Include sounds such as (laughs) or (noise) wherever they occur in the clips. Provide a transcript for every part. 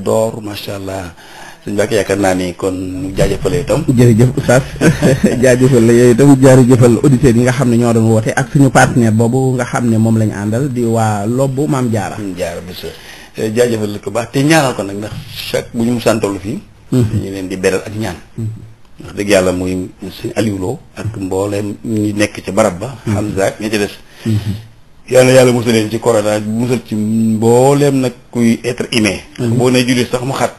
door macha allah suñu bàq yaakaar naa ni kon jaajëfal itam. jërëjëf oustaz (laughs) jaajëfal la yooyu itam jaajëfal auditeurs yi nga xam ne ñoo doon woote ak suñu partenaire boobu nga xam ne moom la ñu àndal di waa lobbu maam am jaara bés eh, jaajëfal ko baax te ñaanal ko nag ndax chaque bu ñu musantalu fii. Mhm. ñu leen di beral ak ñaan. wax mhm. dëgg yàlla muy sëñ Aliou Lo ak mbooleem ñu nekk ca barab ba. xam mhm. zaak des. yàlla yàlla musal leen ci corona musal ci mbooleem nag kuy être humain. boo nee jullit sax mu xat.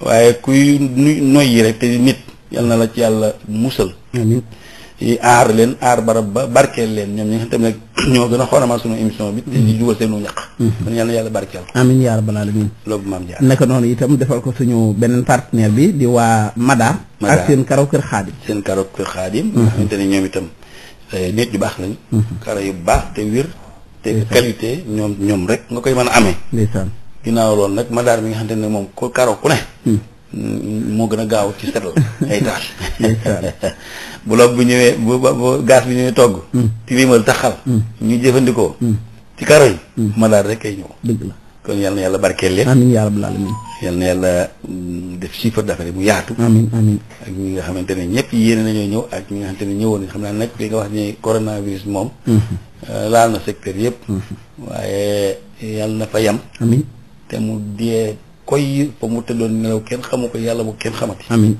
waaye kuy noy noyyi rek te nit yal na la ci yàlla musal. amiin yi leen aar barab ba barkeel leen ñoom ñi nga xam ne ñoo gën a xorama émission bi. te di dugal seenu ñaq. kon yal na yàlla barkeel. amiin yaa rabbal aalamiin. naka noonu itam defal ko suñu beneen partenaire bi di waa Madaar. ak seen karaw kër xaadim. seen karaw kër xaadim. Mhm. nga xamante ne ñoom itam eh, nit yu baax lañ. Mhm. karaw yu baax te wér. te qualité ñoom ñoom rek nga koy mën a amee. ndeysaan ginnaaw loolu nag madaar mi nga xamante ne moom ko karo ku ne. Hmm. Mm, moo gën a gaaw ci setal (laughs) ay taal. (laughs) bu loog bu ñëwee bu bu gaz bi ñëwee togg. Hmm. tilimal taxal. Hmm. ñuy jëfandikoo. ci karo yi. madaar rek kay ñëw. dëgg kon yal yàlla barkeel leen. amiin yaa rabbal aalamiin. yal na yàlla mm, def chiffre d'affaires bu yaatu. amiin ak ñi nga xamante ne ñëpp yéene nañoo ñëw ak ñi nga xamante ne ñëwoon xam naa nag li nga wax ni coronavirus moom. Mm-hmm. Euh, laal na secteur yëpp. Mm-hmm. waaye yal na fa yam. amiin te mu dee koy fa mu tëddoon nelaw kenn xamu yàlla bu kenn xamati. amiin.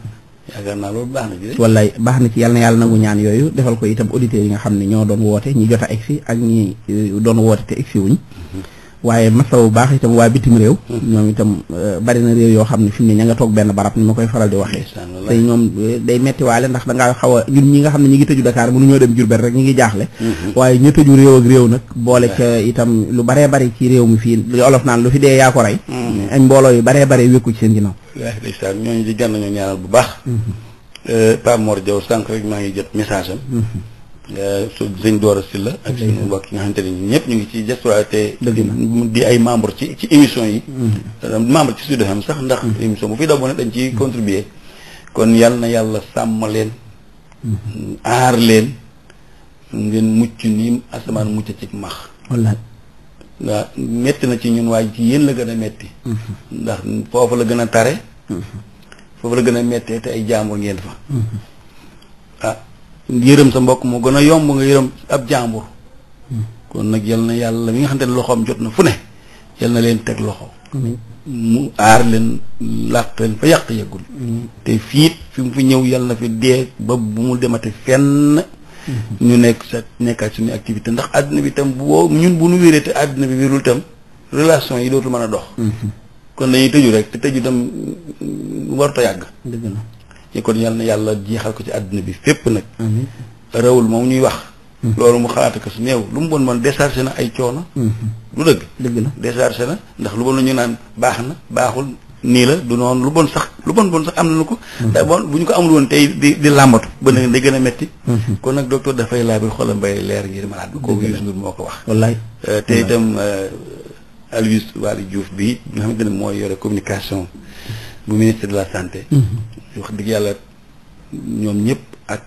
yaakaar naa loolu baax na ci wallaay baax na ci yal na yàlla nangu ñaan yooyu defal ko itam auditeurs yi nga xam ne ñoo doon woote ñi jot a egsi ak ñi euh, doon woote te egsi wuñ mm-hmm. waaye bu baax itam waa bitim réew ñoom itam euh, bari na réew yoo xam ne fi mu ne ña nga toog benn barab ni ma koy faral di waxee tey ñoom euh, day metti waale ndax da ngaa xaw a ñun ñi nga xam ne ñi ngi tëju Dakar mënu ñoo dem Jurbel rek ñu ngi jaaxle mm-hmm. waaye ñu tëju réew ak réew nag boole ca itam lu baree bari ci réew mi fii li olof naan lu fi dee yaa ko rey mm-hmm. añ mbooloo yu baree bari wékku ci seen ginnaaw ndeysaan ñooñu di gànn ñu ñaanal bu baax mm-hmm. euh, Pape Mor Diaw sànq rek maa jot message am su sëñ Doora Sylla ak suñu mbokk yi nga xamante ne ñëpp ñu ngi ci gestuwaay te di ay membre ci ci émission yi mm-hmm. membre ci Sud FM sax ndax mm-hmm. émission bu fi daw bu ne dañ ci mm-hmm. contribuer kon yal na yàlla sàmm leen aar leen ngeen mucc ni asamaan mucc ci max wallaay waaw metti na ci ñun waaye ci yéen la gën a metti ndax foofu la gën a tare foofu la gën a mettee te ay jàmbur ngeen fa ah yërëm sa mbokk moo gën a yomb nga yërëm ab jàmbur kon nag yal na yàlla mi nga xam te ne loxoom jot na fu ne yal na leen teg loxo mu aar leen làq leen fa yàq yëggul te fiit fi mu fi ñëw yal na fi dee ba bu mu demate fenn ñu nekk sa nekkaat suñu activité ndax àddina bi tam boo ñun bu nu wéree te àddina bi wérul tam relation yi dootul mën a dox kon dañuy tëju rek te tëju tam warta yàgg dëgg ci kon yal na yàlla jeexal ko ci àdduna bi fépp nag rawul moom ñuy wax mm-hmm. loolu mu xalaat ko su néew lu mu bon man déchargé na ay coono lu mm-hmm. dëgg dëgg na déchargé na ndax lu bon la ñu naan baax na baaxul nii la du noonu lu bon sax lu bon bon sax am nañu ko da mm-hmm. bon bu ñu ko amul woon tey di di làmbatu ba nag day gën a metti kon nag docteur dafay laaj bi xolam bay leer ngir malaat bi kooku Youssou Ndour moo ko wax wallaay euh, te itam euh, Aloyse Waly Diouf bi nga xamante ne mooy yore communication bu ministre de la santé. Mm-hmm. wax dëgg yàlla ñoom ñëpp ak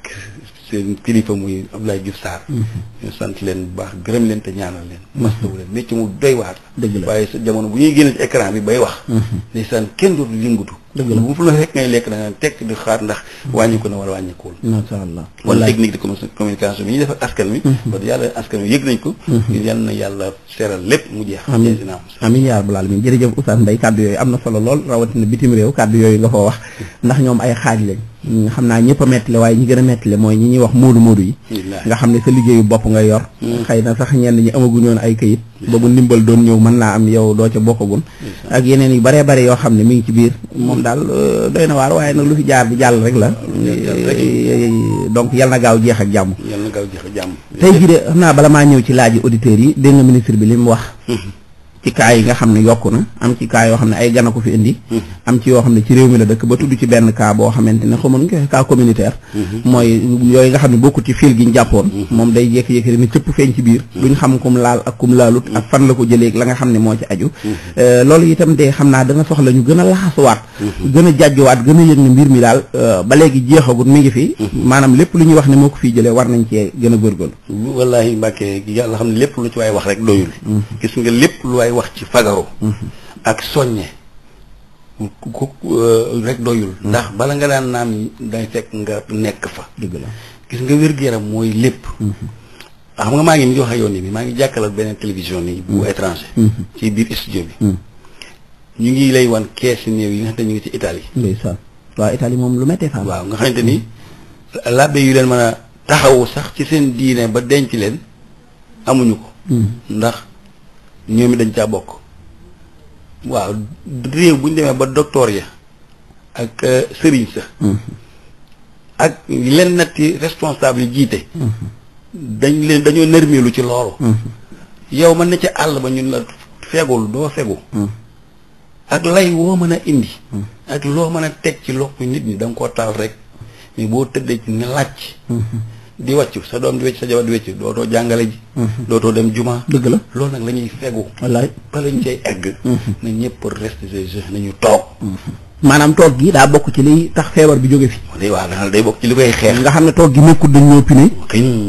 seen kilifa muy Abdoulaye Diouf Sarr. Mm-hmm. ñu sant leen bu baax gërëm leen te ñaanal leen. Mm-hmm. masawu leen métti mu doy waar. dëgg la waaye sa jamono bu ñuy génn ci écran bi bay wax. ndeysaan kenn dootu yëngatu. dëgg la bu la fekk ngay lekk na nga tekk di xaar ndax wàññiku na wala wàññikuwul macha allah wala technique de communication bi ñuy def ak askan wi mhm. ba yàlla askan wi yëg nañ ko mhm. na yàlla seeral lépp mu jeex amiin amiin laal rabbal aalamiin jërëjëf Oustaz Mbaye kàddu yooyu am na solo lool rawatina bitim réew kàddu yooyu nga fa wax mhm. ndax ñoom ay xaaj lañ xam naa ñëpp a mettale waaye ñi gën a mettale mooy ñi ñuy wax moodu moodu yi nga xam ne sa liggéeyu bopp nga yor mm. xëy na sax ñenn ñi amaguñoon ay kayit ba bu ndimbal doon ñëw mën naa am yow doo ca bokkagun ak yeneen yu baree bare yoo xam ne mi ngi ci biir moom daal euh, doy na waar waaye nag lu fi jaar di jàll rek la euh, donc yal na gaaw jeex ak jàmm yal na gaaw jeex jàmm tey jii de xam naa bala maa ñëw ci laaj auditeurs yi dégg nga ministre bi li mu wax mm-hmm. ci kaa yi nga xam ne yokku na am ci kaa yoo xam ne ay gana ko fi indi am ci yoo xam ne ci réew mi la dëkk ba tudd ci benn kaa boo xamante ne xamoon nga kaa xam ne gi ñu jàppoon moom day jékki-jékki rek ne cëpp feeñ ci biir duñ xam kum laal ak kum laalut ak fan la la nga xam ne moo ci aju euh, loolu itam de xam naa dana soxla ñu gën a laxasuwaat gën a jàjjuwaat gën a yëg ne mbir mi daal euh, ba léegi jeexagut mi ngi fi maanaam lépp lu ñuy wax ne moo ko fii jëlee war nañ cee gën a góorgóorlu wallaahi Mbàkke yàlla xam ne lépp lu ci waay wax rek doyul mm-hmm. gis nga lépp lu waay wax ci fagaru ak soññe euh, rek doyul ndax mm-hmm. bala nga daan naan day fekk nga nekk fa dëgg gis nga wér-gu-yaram mooy lépp mm-hmm. xam nga maa ngi nii wax ak yoon ni bi maa ngi jàkkaarloog beneen télévision nii bu mm-hmm. étranger ci biir studio bi ñu ngi lay wan keesi néew yi nga xam ne ñu ngi ci Italie ndeysaan waaw Italie moom lu méttee fa waaw nga xamante ni labbe yu leen mën a taxawu sax ci seen diine ba denc leen amuñu ko ndax ñoom it dañ caa bokk waaw réew bu ñu demee ba docteur ya ak euh, sëriñ sa mm-hmm. ak leen natti responsable jiite mm-hmm. dañ leen dañoo nërmeelu ci loolu mm-hmm. yow man ne ca àll ba ñun la fegul doo fegu ak lay woo mën a indi ak loo mën a teg ci loxo nit ñi da nga koo taal rek mais boo tëddee ci ne làcc di wàccu sa doom di wécc sa jabar di wécc dootoo jàngale ji mhm. dootoo dem juma dëgg la loolu nag la ñuy fegu wallaay ba lañ cay egg mhm. na ñëpp reste des jeunes nañu toog mhm. maanaam toog gi daa bokk ci liy tax feebar bi jóge fi. waaw day bokk ci li koy xeex. nga xam ne toog gi nekkut dañ ñoo pine.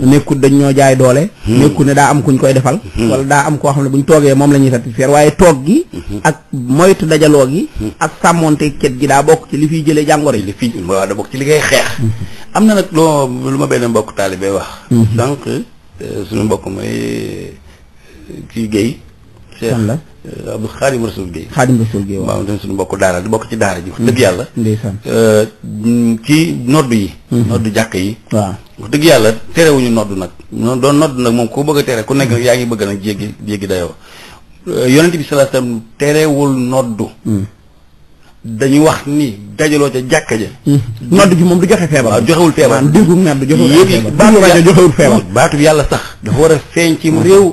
nekkut dañ ñoo jaay doole. Hmm. nekkut ne daa am kuñ koy defal. Hmm. wala daa am koo xam ne buñ toogee moom la ñuy satisfaire waaye toog gi. Hmm. ak moytu dajaloo gi. ak sàmmonte cet gi daa bokk ci li fiy jëlee jàngoro yi. li fi waaw daa bokk ci li koy xeex. am na nag loo lu ma benn mbokk taalibe wax. donc euh, suñu mbokk mooy euh, kii Guèye. la. bu xaadim rasul Guèye. xaadim rasul Guèye waaw moom suñu mbokku daara di bokk ci daara ji wax dëgg yàlla. ndeysaan euh, ci noddu yi. Mhm. noddu jàkk yi. waaw wax dëgg yàlla terewuñu noddu nag. noonu doon noddu nag moom ko bëgg a tere ku nekk mhm. yaa ngi bëgg nag jéggi jéggi dayoo euh, yonent bi sallallahu alayhi wasallam terewul noddu. Mhm. dañu wax ni dajaloo ca jàkka ja. moom du joxe feebar. waaw joxewul feebar maanaam déggu nodd joxewul feebar. baatu bi yàlla sax dafa war a feeñ ci réew.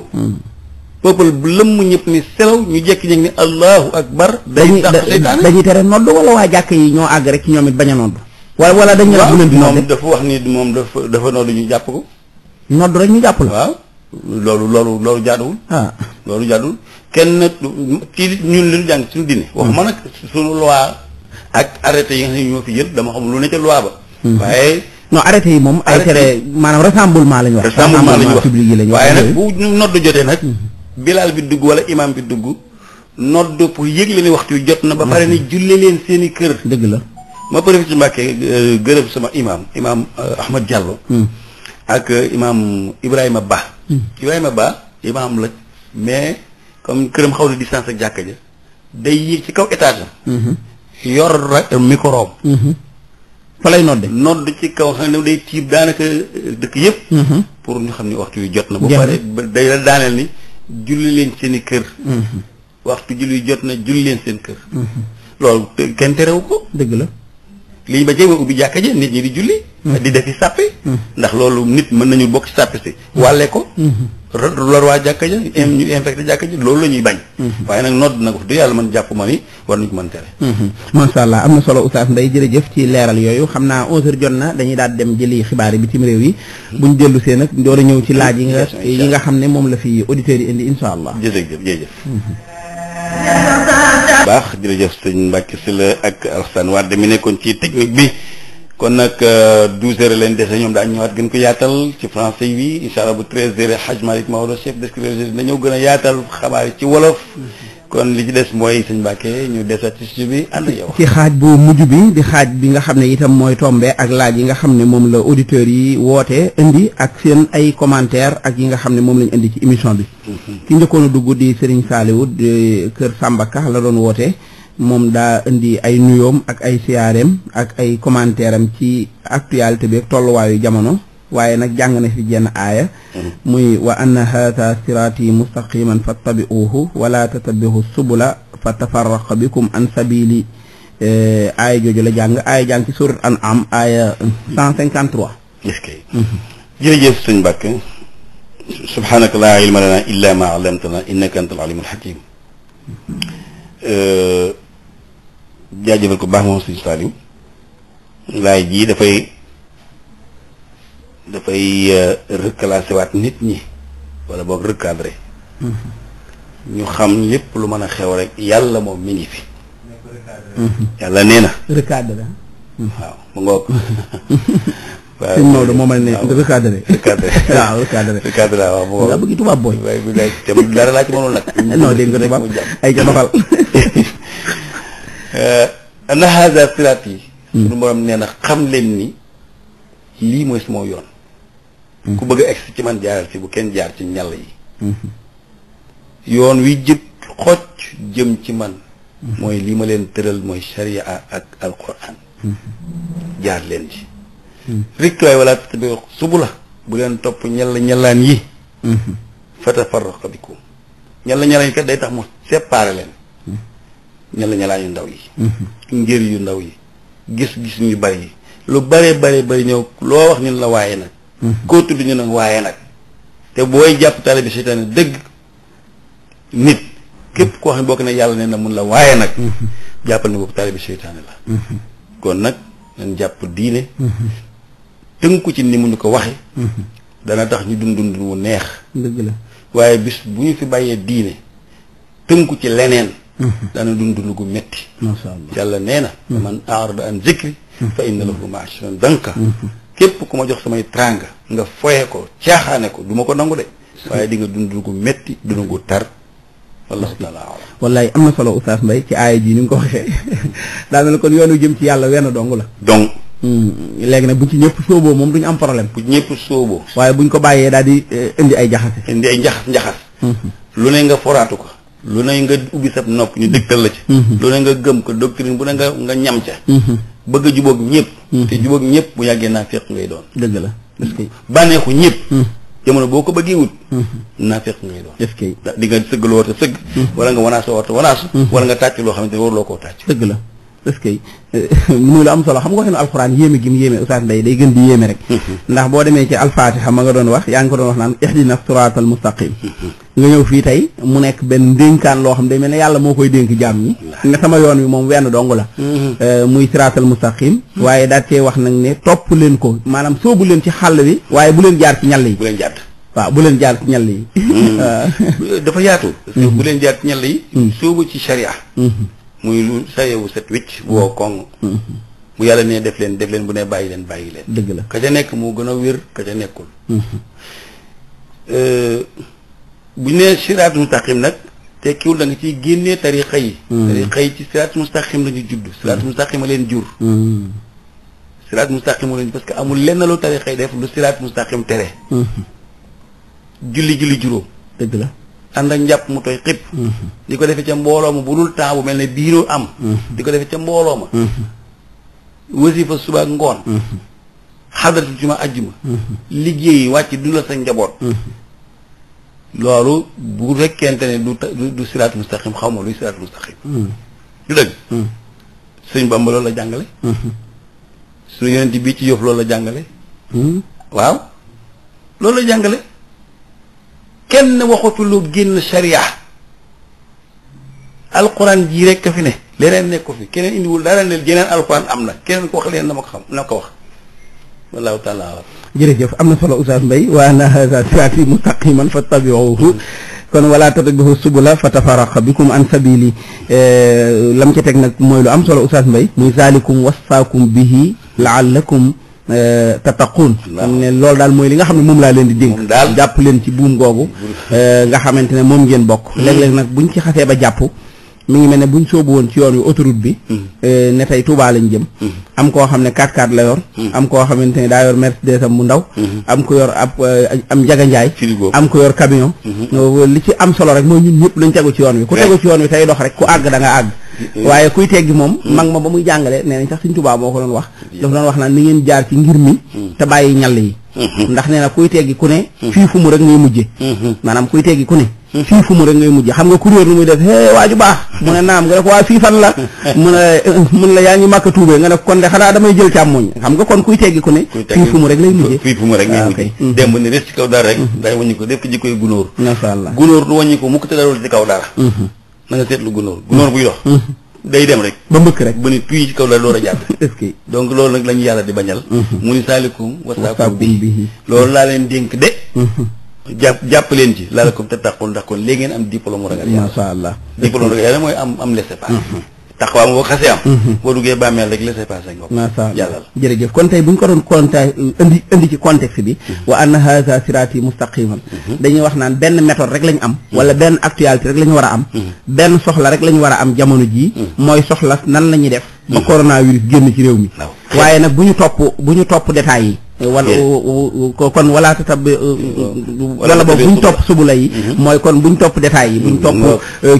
peuple bu lëmm ñëpp ni selaw ñu jékki-jékki ni allahu akbar. dañuy dañuy tere nodd wala waa jàkk yi ñoo àgg rek ci ñoom it bañ a nodd. wala wala dañ ne la bu leen di nodd dafa moom dafa dafa nodd ñu jàpp ko. nodd ñu jàpp la. waaw loolu loolu loolu jaaduwul. Ah. loolu jaaduwul kenn ci ñun li ñu jàng suñu diine. wax ma nag suñu loi ak arrêté yi nga xam jël dama xam lu ne ca loi ba. Mhm. waaye. non arrêté yi moom. ay tere maanaam rassemblement la ñu wax. rassemblement la ñu wax wax waaye nag bu nodd jotee nag mhm. bilaal bi dugg wala imaam bi dugg noddu pour yëgle ni waxtu yu jot na. ba pare ni julli leen seen i kër. dëgg la ma profité ci Mbàkke euh, gërëm sama imaam imaam euh, Ahmad Diallo. Hmm. ak euh, imaam Ibrahima Ba. Hmm. Ibrahima Ba imaam la mais comme këram xaw na distance ak jàkka ja day yéeg ci kaw étage hmm. yor ra micro am. fa lay nodde nodd ci kaw xam ne day tiib daanaka dëkk yëpp. pour ñu xam ne waxtu yu jot na. ba pare day la daaneel ni. julli leen seeni kër. Mhm. waxtu julli jot na julli leen seen kër. Mhm. loolu kenn terewu ko. dëgg la. li ñu ba jéem a ubbi jàkka ji nit ñi di julli. Mhm. di defi sàppe. ndax loolu nit mën nañu bokk ci sàppe si wàlle ko. lor waa jàkka ja ñu infecté jàkka ja loolu la ñuy bañ mm-hmm. waaye nag nodd nag wax dëgg yàlla man jàpp ma ni war nañ ko mën tere mm-hmm. masha allah am na solo Oustaz Mbaye jërëjëf ci leeral yooyu xam naa onze heures jot na dañuy daal dem jëli xibaar yi bitim réew yi buñ dellu see nag door a ñëw ci laaj yi nga yi nga xam ne moom la fi auditeurs yi indi insha allah jërëjëf jërëjëf mm-hmm. baax jërëjëf sëñ Mbacke Sylla ak Alassane Wade mi nekkoon ci technique bi kon nag 12 euh, heures lañ dese ñoom daañu ñëwaat gën ko yaatal ci français bi incha allah bu 13 heures Hadj Malick Maodo chef d'escrivain dañoo gën a yaatal xabaar ci wolof. kon li ci des mooy sëñ Mbacke ñu desat ci suñu bi ànd yow. ci xaaj bu mujj bi di xaaj bi nga xam ne itam mooy tombé ak laaj yi nga xam ne moom la auditeurs yi wootee indi ak seen ay commentaire ak yi nga xam ne moom lañu indi ci émission bi. Mm-hmm. ki njëkkoon a dugg di Serigne Saliou euh, Kër Samba la doon woote. moom daa indi ay nuyoom ak ay siyaareem ak ay commentaire ci actualité bi ak tolluwaayu jamono waaye nag jàng na fi jenn aaya muy wa anna haada siraati mustaqiman fattabi'uhu wala tattabi'u subula fa tafarraqa bikum an sabili eh, aaya jooju la jàng aaya jàng ci surat an am aaya cent cinquante trois est-ce que mhm. jërëjëf sëñ Mbàkke subhaanaka laa ilma lanaa illaa maa allamtanaa innaka antal aliimul hakiim eh, jaajëfal ko baax moom sëñ Saliou laay jii dafay dafay euh, reclasser waat nit ñi wala boog recadrer mm-hmm. ñu xam lépp lu mën a xew rek yàlla moom mi ngi mm-hmm. yàlla nee na recadrer waaw mu ngoog (laughs) waaw sëñ Maodo moo ma ne recadré. recadré waaw recadré. recadré (laughs) waaw waaw. nga tubaab booy. bi laaj ci mënul nag. (laughs) non dégg nga tubaab ay ca Eh, ana haza siraat yi suñu borom nee na xam leen ni lii mooy moo yoon ku bëgg a ci man jaaral si bu kenn jaar ci ñàll yi yoon wi jëkk xocc jëm ci man mooy lii ma leen tëral mooy sharia ak alquran jaar leen ci rikkiwaay wala tabi subu la bu leen topp ñella ñellaan yi mm-hmm. fatafarraqa bikum ñella ñellaan yi kat day tax mu séparé leen ñala ñalaan yu ndaw yi mhm. ngir yu ndaw yi gis-gis ñu bari yi lu bare bare bari ñëw loo wax ñun la waaye nag mhm. koo tudd ñu nag waaye nag te booy jàpp tale seytaane dëgg nit képp koo ne bokk ne yàlla nee na mun la waaye nag mhm. jàppal ne boobu tale nag jàpp diine tënku ci ni mu ñu ko waxe dana tax ñu dund wu neex dëgg waaye bis bu ñu fi bàyyee diine tënku ci leneen Mm-hmm. dana dund lu gu metti yàlla nee na mm-hmm. man aarada an zikri mm-hmm. fa inna lahu ma'ishan danka képp ku ma jox samay tranga nga foye ko caaxaane ko du ma ko nangu de waaye di nga dund lu gu metti dund gu tar wallahu taala alam wallaay am na solo Oustaz Mbaye ci aaya ji ni nga ko waxee daa mel ne kon yoonu jëm ci yàlla wenn dong la donc léegi nag bu ci ñëpp sóoboo moom duñu am problème bu ci ñëpp waaye bu buñ ko bàyyee daal di eh, indi ay jaxase indi ay njaxas njaxas nga foraatu ko lu ne nga ubbi sab nopp ñu dëkkal la ci mhm. lu nga gëm ko doctrine bu ne nga nga ñam ca mhm. bëgg a jubóog ñëpp mhm. te jubóog ñëpp bu yàggee naa féq ngay doon dëgg la bànneexu ñëpp jamono boo ko bëggee wut naa féq ngay doon est-ce que di nga sëgg loo war sëgg wala nga wanaas loo war a wala nga tàcc loo xamante ne waruloo koo tàcc dëgg la est-ce que euh, (laughs) muy lu am solo xam nga waxee ne alxuraan yéeme gi mu yéeme ustaas day day gën di yéeme rek (laughs) ndax boo demee ci alfaatiha ma nga doon wax yaa ngi ko doon wax naan ihdina siraatal mustaqim (laughs) nga ñëw fii tey mu nekk benn ndénkaan loo xam day mel ne yàlla moo koy dénk jaam ñi ne sama yoon wi moom wenn dong la mm-hmm. euh, muy siraatal mustaqim mm-hmm. waaye daal cee wax nag ne topp leen ko maanaam soobu leen ci xàll bi waaye bu leen jaar ci ñàll yi bu leen jaar waaw bu leen jaar ci ñàll yi mm-hmm. dafa yaatu bu leen jaar ci yi soobu ci sharia muy lu sayewu set wicc woo koŋ mu mm-hmm. yàlla nee def leen def leen bu ne bàyyi leen bàyyi leen dëgg la ka ca nekk moo gën a wér ka ca nekkul mm-hmm. euh, bu nee siraat mustaqim nag tekkiwul da nga ciy génnee tarixa yi mm-hmm. tarixa yi ci siraat mustaqim la juddu judd siraat mustaqim a leen jur siraat mustaqim a leen parce que amul lenn lu tarixa yi def lu siraat mustaqim tere julli julli juróom dëgg la ànd ak njàpp mu tooy xib mm-hmm. di ko defee ca mbooloo ma bu dul temps bu mel ne biiru am mm-hmm. di ko defee ca mbooloo ma mm-hmm. wasifa suba ak ngoon xadratu juma ajjuma liggéeyi wàcc du la sa njaboot loolu bu rekkente ne du du siraatu mustaqim xaw ma luy siraatu mustaqim du dëgg sëñ Bamba loolu la jàngale suñu yonent bi ci yëf loolu la jàngale waaw loolu la jàngale kenn waxatu lu génn sharia alquran jii rek ka fi ne leneen nekku fi keneen indiwul dara ne jeneen alquran am na keneen ko wax leneen na ma ko xam na ma ko wax wallahu taala alam jërëjëf am na solo Oustaz Mbaye wa anna hadha sirati mustaqiman fattabi'uhu kon wala tattabi'u subula fatafaraqa bikum an sabili eh, lam ci teg nag mooy lu am solo Oustaz Mbaye muy zalikum wasfaakum bihi laallakum tattaquun euh, ne loolu daal mooy li nga xam ne moom laa leen di dénk daal jàpp leen ci buum googu euh, nga xamante ne moom ngeen bokk hmm. léeg-léeg nag bu buñ ci xasee ba jàpp mi ngi mel ne bu buñ soobu woon ci yoon wi autoroute bi hmm. euh, ne tey Touba lañ jëm hmm. am koo xam ne 4 kaat la yor am koo xamante ne daa yor Mercedes am bu ndaw am ko yor ab am njaganjaay am ko yor camion li ci am solo rek mooy ñun ñëpp lañ tegu ci yoon wi ku tegu ci yoon wi tey dox rek ku àgg danga àgg waaye kuy teggi moom mag ma ba muy jàngale nee nañ sax Sëriñ Tuubaa moo ko doon wax dafa doon wax naan ni ngeen jaar ci ngir mi te bàyyi ñàll yi ndax nee na ko teggi ku ne fii fu mu maanaam kuy teggi ku ne fii fu mu rek xam nga ku réer nu muy def hé waaju baax mu ne naam nga def waa fii fan la mu ne (laughs) mun la yaa nga kon de xanaa damay jël càmmoñ xam nga kon kuy teggi ku ne fii fu mu rek lay mujje fii fu mu rek ngay ah, mujje hmm. démb ni res ci kaw dara rek day wàññi ko def ki jikkoy gunóor masha Allah gunóor du wàññi ko mukk te dalul ci kaw dara hmm. nanga nga seetlu gunóor gunóor buy dox mm-hmm. day dem rek ba mbëkk rek bu ni tuy ci kaw la door a jàpp (laughs) est loolu nag la ñu yàlla di bañal mm-hmm. mu ni saalikum wasaakum bi loolu laa leen dénk de mm-hmm. jàpp jàpp leen ci laa la ko te taxul ndax kon léegi ngeen am diplôme ragal yàlla macha allah diplôme ragal mooy am am laissez-passer taxawaam boo xasee am. Mhm. boo duggee bàmmeel rek laissez passer nga. macha allah jërëjëf kon tey bu ñu ko doon compter indi indi ci contexte bi. Mhm. wa anna haza sirati mustaqiman mhm. dañuy wax naan benn méthode rek lañu am. wala benn actualité rek la ñu war a am. benn soxla rek la war a am jamono jii. mooy soxla nan la ñuy def. ba coronavirus génn ci réew mi. waaye nag bu ñu topp bu ñu topp détails yi. wala kon wala tatab euh, mm-hmm. euh, mm-hmm. euh, wala boobu buñ topp subula yi mm-hmm. mooy kon buñ topp détails yi buñ topp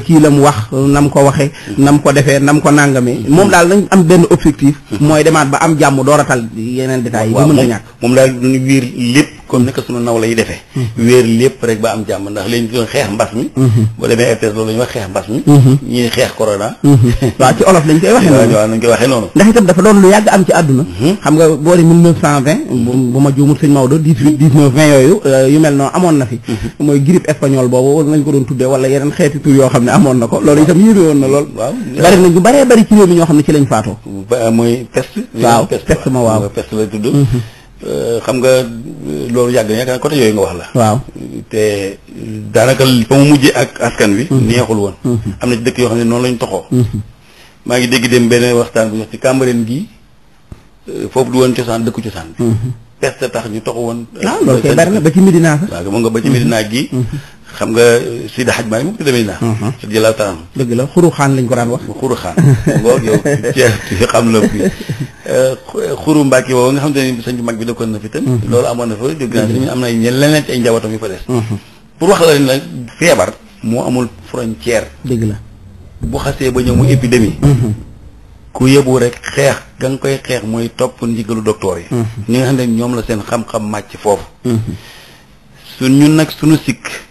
kii la mu wax nam ko waxe nam ko defee nam ko nàngamee moom daal nañ am benn objectif mooy demaat ba am jàmm dooratal yeneen détails yi bu mën na ñàkk moom daal duñu wiir lépp comme ni ko sunu naw lay defee hmm. wéer lépp rek ba am jàmm ndax léegi doon xeex mbas mi hmm. boo demee RTS loolu xeex mbas mi hmm. ñii xeex corona (laughs) waaw ci olof lañ koy waxee noonu waaw nañ koy waxee noonu ndax itam dafa doon lu yàgg am ci àdduna xam nga boori mille euh, na fi mooy grippe espagnole nañ ko doon tuddee wala yeneen xeeti tur yoo xam ne amoon na ko loolu itam yéeme woon na lool waaw bari nañ ñu baree bari ci réew mi ñoo xam ne ci lañ faatoo mooy peste waaw peste Euh, xam nga euh, loolu yàgg na yaakaar côté yooyu nga wax la. waaw te daanaka fa mu mujjee ak askan wi. Mhm. neexul woon. Mhm. am na dëkk yoo xam ne noonu lañ toxoo. Mhm. maa ngi dégg dem benn waxtaan bu ñu wax ci Cambérène gii euh, foofu du woon cosaan dëkku cosaan bi. peste tax ñu toxu woon. waaw ah, loolu bari na ba ci Medina sax. waaw mën nga ba ci Medina gi xam nga eh, Sidi Hadj Malick moom tuddee naa. Mhm. la taala dëgg la xuruxaan lañ ko daan wax. xuruxaan ngoog yow (laughs) ci xam la fi eh, xuru Mbàkke nga xam te ne sëñ mag bi dëkkoon na fi tam. Mhm. loolu amoon na fa dégg naa si am na ñenn leneen ci ay njabootam yu mhm. feebar. moo amul frontière. dëgg la bu xasee ba ñëw mu épidémie. ku yëbu rek xeex ga koy xeex mooy topp ndigalu docteur yi. ñi nga xam ne ñoom la seen xam-xam màcc foofu. su ñun nag suñu sikk.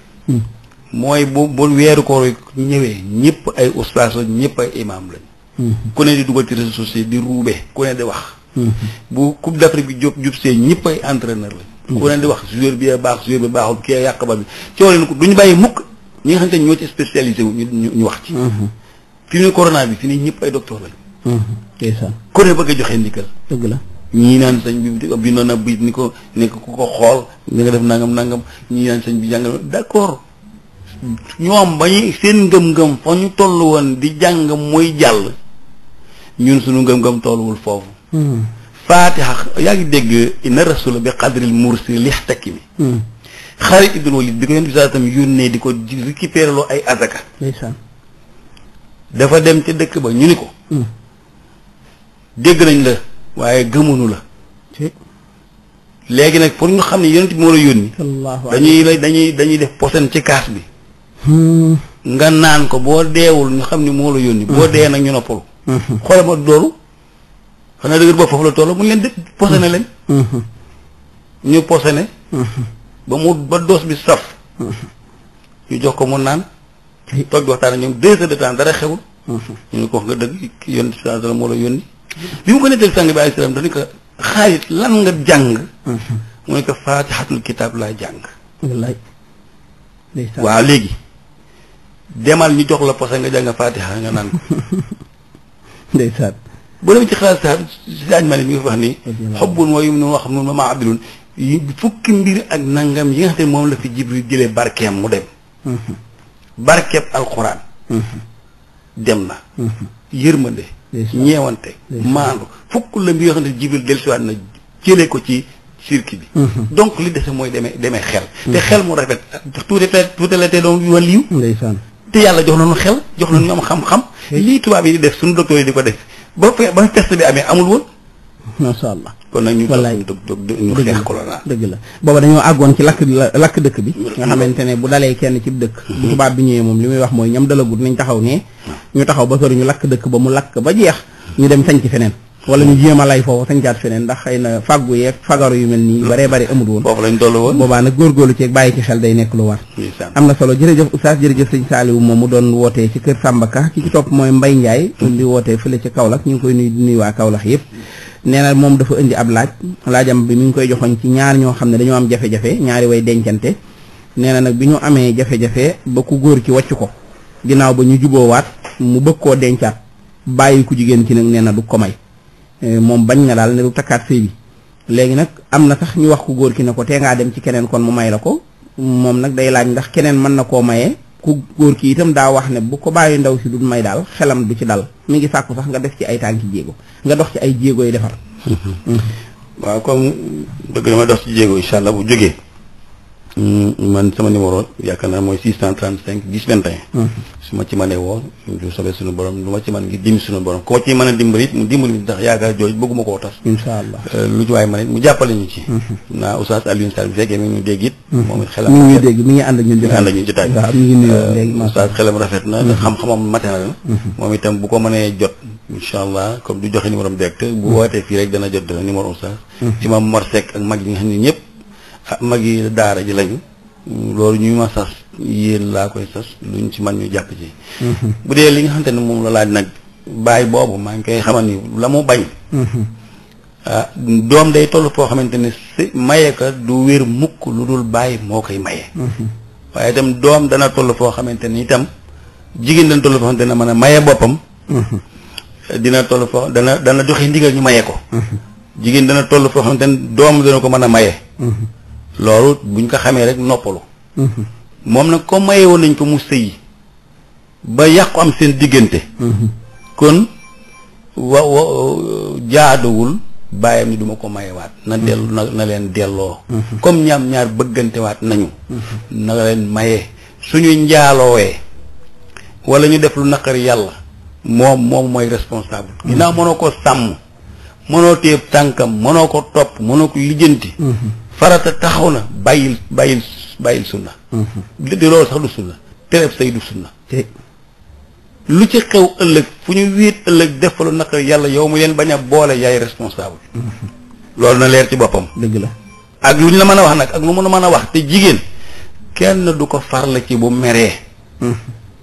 mooy bu bu weeru koor ñëwee ñëpp ay ustaas lañ ñëpp ay imaam lañ. Mm-hmm. ku ne di dugal ci réseaux sociaux di ruube ku di wax. Mm-hmm. bu coupe d'Afrique bi jub jub see ñëpp ay entraîneur lañ. Mm-hmm. ku ne di wax joueur bi baax joueur bi baaxul kii yàq ba bi coono du ñu bàyyi mukk ñi nga xam te ñoo ci spécialisé wu ñu ñu wax ci. fi mu ne bi ki nii ñëpp ay docteur lañ. ndeysaan ku ne bëgg a dëgg la. ñii naan sëñ bi bindoon na bi ni ko nekk ku ko xool ni nga def nangam nangam ñii naan sëñ bi jàngal d'accord ñoom ba ñu seen ngëm-ngëm fa ñu toll woon di jàng mooy jàll ñun suñu ngëm-ngëm tolluwul foofu hmm. faatiha yaa ngi dégg inna rasula bi qadril mursi lixtaki bi hmm. xarit Idul Walid bi ko yonent bi saa tam yónnee di ko récupéré loo ay azaka dafa dem ca dëkk ba ñu ni ko hmm. dégg nañ la waaye gëmunu la léegi nag pour ñu xam ne yonent moo la yónni dañuy lay dañuy dañuy def posen ci kaas bi hmm. nga naan ko boo deewul ñu xam ne moo la yónni boo hmm. dee nag ñu noppalu hmm. xoolal ma doolu xanaa dëgër boobu foofu la toll mu ñu leen di posene leen ñu posene ba mu ba doos bi saf ñu jox ko mu naan toog di waxtaan ñoom deux heures de temps dara xewul ñu ne ko wax nga dëgg yónni sa alayhi wa moo la yónni bi mu ko nettali sàng bi alayhi salaam dañu ko xaalit lan nga jàng mm-hmm. mu ne ko faatixatul kitaab laa jàng waaw léegi demal ñu jox la posa nga jàng faatixa nga naan ko (laughs) ndeysaan boo demee ci xalaat sax si daaj ma ne ñu ngi wax ni xobbun wayum nunu wax nun ma maa abdilun fukki mbir ak nangam yi nga xam ne moom la fi jibril jëlee barkeem mu dem mm-hmm. barkeeb alquran mm-hmm. dem na yërmande ñeewante maandu fukk la bi yoo xam ne jibil dellusiwaat na jëlee ko ci circuit bi mhm. donc li dese mooy demee demee xel mhm. te xel mu rafet tuute tuute la te doon waliyu ndeysaan te yàlla jox nañu xel jox nañu mhm. am xam-xam lii tubaab yi di def suñu docteur yi di ko def ba fe ba test bi amee amul woon macha allah kon nag ñu ñu xeex choléra dëgg la booba dañoo àggoon ci lakk lakk dëkk bi nga xamante ne bu dalee kenn ci dëkk bu mhm. tubaab bi moom li muy wax mooy ñam dalagut nañ taxaw ne ah. ñu taxaw ba sori ñu lakk dëkk ba mu lakk ba jeex ñu dem sañ ci feneen wala ñu jéem a lay foofu sañcaat feneen ndax xëy na fàggu yeeg fagaru yu mel nii baree bare amul woon foofu lañ toll woon boobaa nag góorgóorlu ceeg bàyyi ci xel day nekk lu war am na solo jërëjëf oustaz jërëjëf sëñ Saliou moom mu doon wootee ci kër Sàmbaka ki ci topp mooy Mbay Njaay di wootee fële ci Kaolack ñu ngi koy nuyu di nuyu waa Kaolack yëpp nee na moom dafa indi ab laaj laajam bi mi ngi koy joxoñ ci ñaar ñoo xam ne dañoo am jafe-jafe ñaari way dencante nee na nag bi ñu amee jafe-jafe ba ku góor ki wàcc ko ginnaaw ba ñu waat mu bëgg koo dencaat bàyyi ku jigéen ci nag nee na du ko may eh, moom bañ na daal ne du takkaat sëy bi léegi nag am na sax ñu wax ku góor ki ne ko tee ngaa dem ci keneen kon mu may la ko moom nag day laaj ndax keneen mën na koo maye ku góor ki itam daa wax ne bu ko bàyyi ndaw si du may daal xelam du ci dal mi ngi sàkku sax nga def ci ay tànki jéego nga dox ci ay jéegoy defar (laughs) waaw comme bëgg na ma dox ci jéego incha allah bu jógee Mm, man sama numéro yaakaar naa mooy 635 10 21. su ma ci mënee woo du soobee suñu borom lu ma ci man ngir dim suñu borom ku ci mën a dimbali it mu dimbali ndax yaakaar koo tas. incha allah euh, lu ci waaye mën it mu jàppale ñu ci. Mm-hmm. naa Oustaz Alioune Sall bi fekkee mi ngi ñu dégg it. Mm-hmm. mi ngi ànd ak ñun jotaay mi ngi ànd ak ñun euh, xelam rafet na. Mm-hmm. xam-xamam mate na la. moom itam bu ko mënee jot. incha allah comme du joxe numéro am direct. bu wootee fii rek dana jot numéro Oustaz. ci ma Mor Seck ak mag yi nga xam ne ñëpp Ah, mag yi daara ji lañu loolu ñuy ma sas yéen laa koy sas luñ ci man ñu jàpp ci mhm. bu dee li nga xamante ne moom la laaj nag baay boobu maa ngi koy xamal ni la mu bañ mhm. ah doom day toll foo xamante ne du wér mukk lu dul bàyyi moo koy maye mhm. waaye doom dana toll foo xamante ni itam jigéen dana toll foo xamante ne mën a maye boppam dina toll foo dana dana joxe ndigal ñu maye ko jigéen dana toll foo xamante ne doom dana ko mën a maye loolu buñ ko xamee rek noppalu moom nag ko maye woon nañ ko mu sëyi ba yàqu am seen diggante kon wa wa jaaduwul bàyyam ni duma ko mayewaat na dellu na na leen delloo comme ñaam ñaar bëggantewaat nañu na leen maye suñu njaaloowee wala ñu def lu naqari yàlla moom moom mooy responsable ginnaaw mënoo ko sàmm mënoo téeb tànkam mënoo ko topp mënoo ko lijjanti farata taxaw na bàyyil bàyyil bàyyil sunna mhm. di loolu sax du sunna tereeb say du sunna lu ci xew ëllëg fu ñu wéet ëllëg def lu naka yàlla yow mu leen bañ a boole yaay responsable mhm. loolu na leer ci boppam dëgg la ak lu ñu la mën a wax nag ak lu mën a mën a wax te jigéen kenn du ko far la ci bu meree mhm.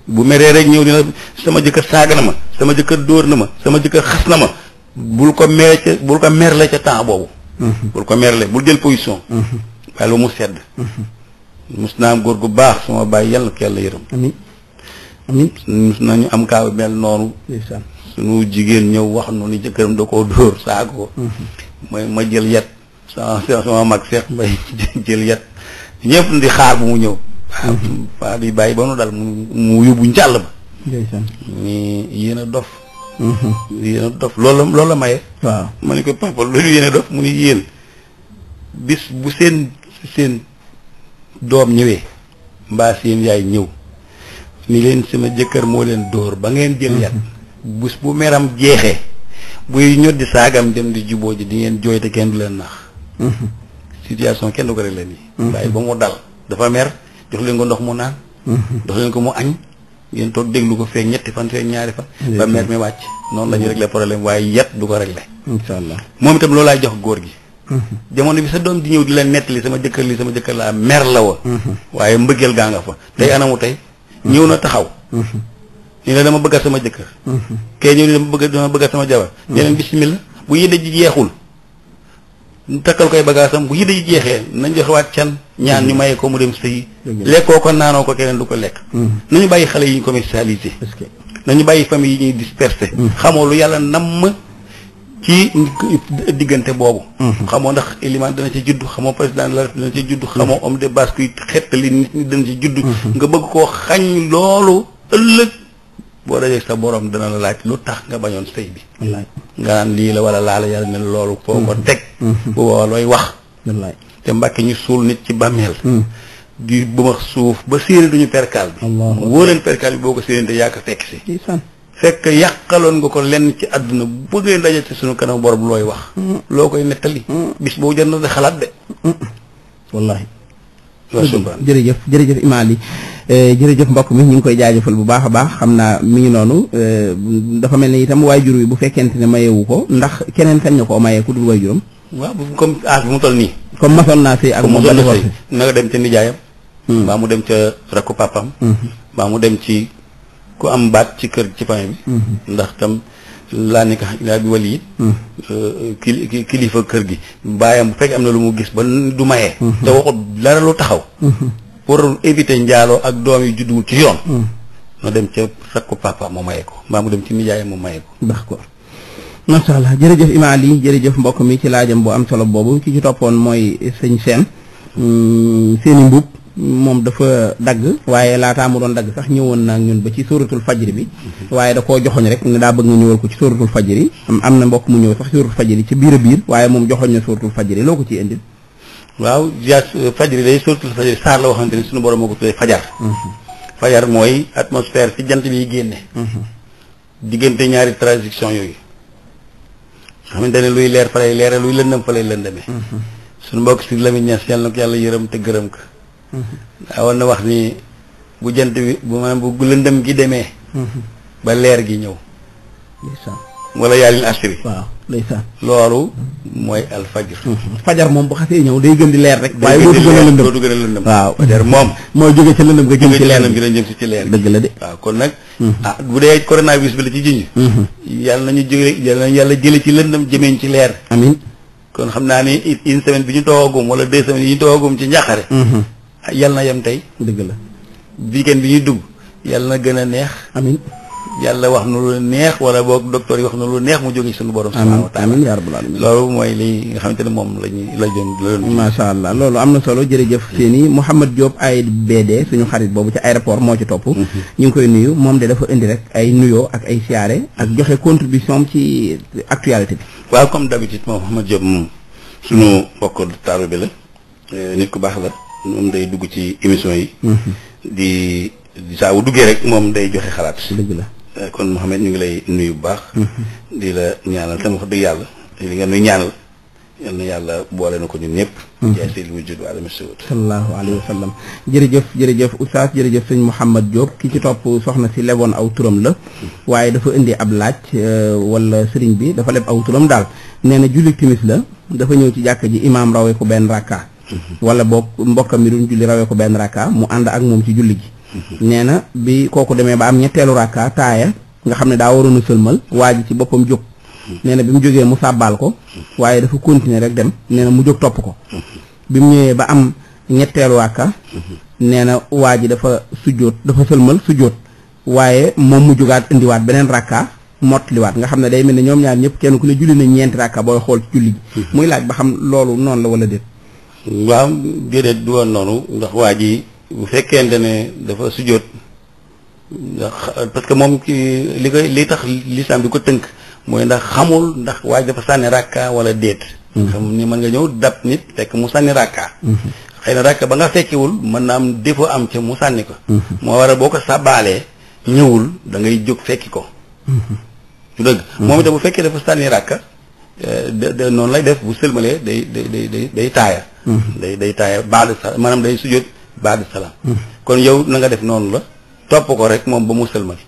bu meree rek ñëw dina sama jëkkër saaga na ma sama jëkkër dóor na ma sama jëkkër xas na ma bul ko mere bul ko la ca temps boobu bul ko merle bul jël position mhm. waaye lu mu sedd mhm. mus naa am góor gu baax sama bàyyi yàlla ko yàlla yërëm amiin amiin mus nañu am kaa mel noonu suñu jigéen ñëw wax nu ni jëkkëram da koo dóor saaga mhm. ma jël yet sama sama mag seex mbay (laughs) jël yet ñëpp di xaar bu mu ñëw waaw bi bàyyi ba nu dal mu yóbbu njàll ba ni yéen a dof Mm-hmm. yéen a dof la loolu maye. waaw ma ne ko papa loolu yéen dof mu ni yéen bis bu seen seen doom ñëwee mbaa seen yaay ñëw ni leen sama jëkkër moo leen dóor ba ngeen jël yat mm-hmm. bis bu meram jeexee buy ñor di saagam dem di juboo ji di ngeen jooy te kenn du leen nax mm-hmm. situation kenn du ko rek leen yi waaye ba mu dal dafa mer jox leen ko ndox mu naan jox leen ko mu añ ngeen toog déglu ko feeg ñetti fan feeg ñaari fan ba mer mi wàcc noonu la ñuy réglé problème waaye yat du ko réglé incha allah moom itam loolaay jox góor gi mm-hmm. jamono bi sa doom di ñëw di la nettali sama jëkkër li sama jëkkër laa meer la wa mm-hmm. waaye mbëggeel gaa nga fa tey mm-hmm. anamu tey ñëw na taxaw ni la dama bëggat sama jëkkër kee ñëw ni dama bëgg dama bëggat sama jabar ñeneen bismillah bu yëdde ji jeexul takkal koy bagaasam bu yidda yi jeexee nañ joxewaat can ñaan ñu mayee ko mu dem sëyi lekkoo ko naanoo ko keneen du ko lekk mm. nañu bàyyi xale yi ñu commercialisé nañu bàyyi famille yi ñuy dispersé mm. xamoo lu yàlla namm ci diggante boobu mm. xamoo ndax éliman dana ci judd xamoo président de la dana ci judd xamoo homme de bascule xettali nit ñi dana ci judd nga bëgg koo xañ loolu ëllëg boo dajeeg sa borom dana la laaj lu tax nga bañoon sëy bi nga naan lii la wala laa la yàlla ne loolu foo ko mm-hmm. teg mm-hmm. bu boobaa looy wax te mbàkke ñu suul nit ci bàmmeel mm. di bëmax suuf ba séeréer duñu perkaal bi wóor leen perkaal bi boo ko séeréer yàkk yaa ko fekk si fekk yàqaloon nga ko lenn ci àdduna bu bëggee daje ci suñu kanam borom looy wax mm. loo koy nettali mm. bis boobu jar na di xalaat de jërëjëf jërëjëf Imali eh, jërëjëf mbokk mi ñu ngi koy jëfal bu baax a baax xam naa mi ngi noonu eh, dafa mel ni itam waajur wi bu fekkent ne mayewu ko ndax keneen kañ na koo mayee ku dul waajuram waaw comme âge bu mu toll nii comme masoon naa si ak moom ba divorce nanga dem ca nijaayam hmm. mbaa mu dem ca rakku papam hmm. mbaa mu dem ci ku am baat ci kër ci famille bi hmm. ndax tam laa nekk laa bi wali eh, kilifa kër gi baayam bu fekkee am na lu mu gis ba du mayee te waxut dara lu taxaw. pour éviter njaaloo ak doom yi judduwul ci yoon. Mm. no dem ca sakku papa mu maye ko mbaa mu dem ci nijaayam mu maye ko. d'accord macha allah jërëjëf Imaam Ali jërëjëf mbokk mi ci laajam bu am solo boobu ki ci toppoon mooy sëñ seen mm, seeni mbubb moom dafa dagg waaye laataa mu doon dagg sax ñëwoon na ñun ba ci sóoratul fajri bi mm-hmm. waaye da koo joxoñ rek ne daa bëgg nga ñëwal ko ci sóoratul fajri am na mbokk mu ñëw sax sóoratul fajri ci biir a waaye moom joxoñ na sóoratul fajri loo ko ciy indil waaw yaa fajri day suuratul fajri saar la waxante ni suñu borom ko tuddee fajar fajar mooy atmosphère fi jant bi génne diggante ñaari transition yooyu xamante ne luy leer fa lay leere luy lëndëm fa lay lëndëmee suñu mbokk si Lamine Niass yàlla na yàlla yërëm te gërëm ko daawoon na wax ni bu jant bi bu maanaam bu lëndëm gi demee ba leer gi ñëw wala yaalin asri waaw ndeysaan loolu mooy alfajr hmm. fajar moom bu xasee ñëw day gën di leer rek waaye dootu gën a lëndëm dootu gën a lëndëm waaw fajar moom mooy jóge ci lëndëm nga jëm ci leer gi la jëm ci leer dëgg la de waaw kon nag hmm. ah bu dee coronavirus bi la ci junj na ñu jóge yàlla nañu yàlla jële ci lëndëm jëmeen ci leer amin kon xam naa ni une semaine bi ñu toogagum wala deux semaines yi ñu toogagum ci njàqare hmm. ah, yàlla na yem tey dëgg la weekend bi ñuy dugg yàlla na gën a neex yàlla wax na lu neex wala boog docteur yi wax na lu neex mu jóge suñu borom. amiin amiin yaa rabbal aalamiin loolu mooy li nga xamante ne moom la ñuy la doon. macha allah loolu am na solo jërëjëf. seeni Mouhamed Diop AIBD suñu xarit boobu ci aéroport moo ci topp. Mhm. ñu ngi koy nuyu moom de dafa indi rek ay nuyoo ak ay siyaare ak joxe contribution ci actualité bi. waaw comme d'habitude moom Mouhamed Diop moom suñu mbokk taaru bi la. Eh, nit ku baax la moom day dugg ci émission yi. Mhm. saa bu duggee rek moom day joxe xalaat. dëgg la euh, kon Mouhamed ñu ngi lay nuyu bu baax. di la ñaanal tam wax dëgg yàlla li nga nuy ñaanal. yal yàlla boole na ko ñun ñëpp. jaay seen wujud wa alam suud. sallallahu alayhi wa sallam jërëjëf jërëjëf oustaz jërëjëf sëñ Mouhamed Diop ki ci topp soxna si leboon aw turam la. waaye dafa indi ab laaj euh, wala sëriñ bi dafa leb aw turam daal nee na julli timis la dafa ñëw ci jàkka ji imaam rawee ko benn rakka. wala boog mbokkam mi duñ julli rawee ko benn rakka mu ànd ak moom ci julli gi. nee na bi kooku demee ba am ñetteelu rakka taaya nga xam ne daa waroon a sëlmal waa ji ci boppam jóg nee na bi mu jógee mu sàbbaal ko waaye dafa continuer rek dem nee na mu jóg topp ko bi mu ñëwee ba am ñetteelu rakka nee na waa ji dafa sujjóot dafa sëlmal sujjóot waaye moom mu jógaat indiwaat beneen rakka mottaliwaat nga xam ne day mel ne ñoom ñaar ñëpp kenn ku ne julli na ñeenti rakka booy xool ci julli ji mm-hmm. muy laaj ba xam loolu noonu la wala déet waaw déedéet du bu fekkente ne dafa sujjóot ndax parce que moom ci li koy li tax lislaam bi ko tënk mooy ndax xamul ndax waaj dafa sànni rakka wala déet mm-hmm. xam ni mën nga ñëw dab nit fekk mu sànni rakka mm-hmm. xëy na rakka ba nga fekkiwul mën na am défaut am ca mu sànni ko mm-hmm. moo waral boo ko sàbbaalee ñëwul da ngay jóg fekki ko su dëgg moom itam bu fekkee dafa sànni rakka eh, de noonu lay def bu sëlmalee day day day day day taaya day day taaya baal day sujjóot baada salaam kon yow na nga def noonu la topp ko rek moom ba mu sëlmal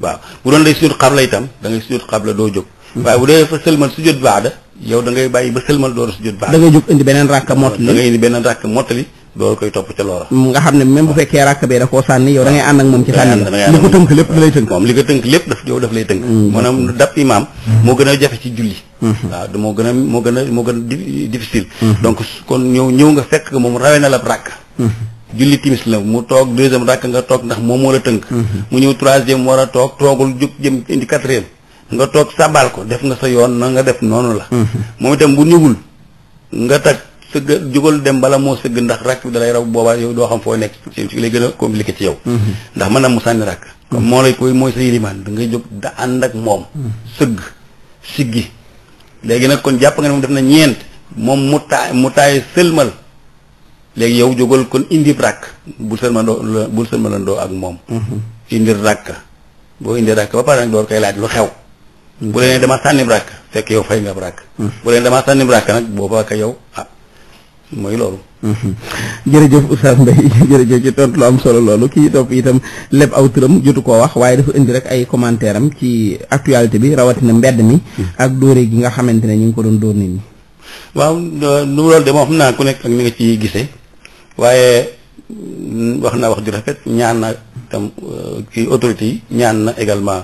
waaw bu doon day sujjóot xabla itam da ngay sujjóot xabla doo jóg waaye bu dee fa sëlmal sujjóot baada yow da ngay bàyyi ba sëlmal door a sujjóot baada da ngay jóg indi beneen ràkk mottali da ngay indi beneen ràkk mottali doo koy topp ca loola nga xam ne même bu fekkee ràkk bee da koo sànni yow da ngay ànd ak moom ci li ko tënk lépp da lay tënk moom li ko tënk lépp daf yow daf lay tënk mm. maanaam dab imaam moo gën a jafe ci julli mm-hmm. waaw moo gën a moo gën a moo gën a difficile mm-hmm. donc kon ñëw ñëw nga fekk moom rawe na la ràkk mm-hmm. julli timis la mu toog deuxième rakk nga toog ndax moom moo la tënk mhm. mu ñëw troisième war a toog toogul jóg jëm indi quatrième nga toog sabal ko def nga sa yoon na nga def noonu la mhm. moom itam bu ñëwul nga tag sëgg jugal dem bala moo sëgg ndax rakk bi dalay raw boobaa yow doo xam foo nekk ci lay gën a compliqué ci yow mhm. ndax mën na mu sànni rakk comme moo lay koy mooy sa yilimaan da ngay jóg da ànd ak moom sëgg siggi léegi nag kon jàpp nga ne moom def na ñeent moom mu taay mu taay sëlmal léegi yow jógal kon indi rakk bul sëlmandoo bul sëlmalandoo ak moom mhm. indi rakk boo indi rakk ba pare nag door koy laaj lu xew bu leen dama sànni rakk fekk yow fay nga rakk mhm. dama sànni rakk nag boo ka yow ah mooy loolu mhm. jërëjëf Oustaz Mbaye (laughs) jërëjëf ci tontu lu am solo loolu kii topp itam lépp aw turam jotu koo wax waaye dafa indi rek ay commentaire am ci actualité bi rawatina mbedd mi ak dóore gi nga xamante ne ñu ngi ko doon dóor nit ñi waaw lu loolu de moo xam naa ku nekk ak ni nga ci gise waaye mm, wax naa wax ju rafet ñaan na tam ci euh, autorités yi ñaan na également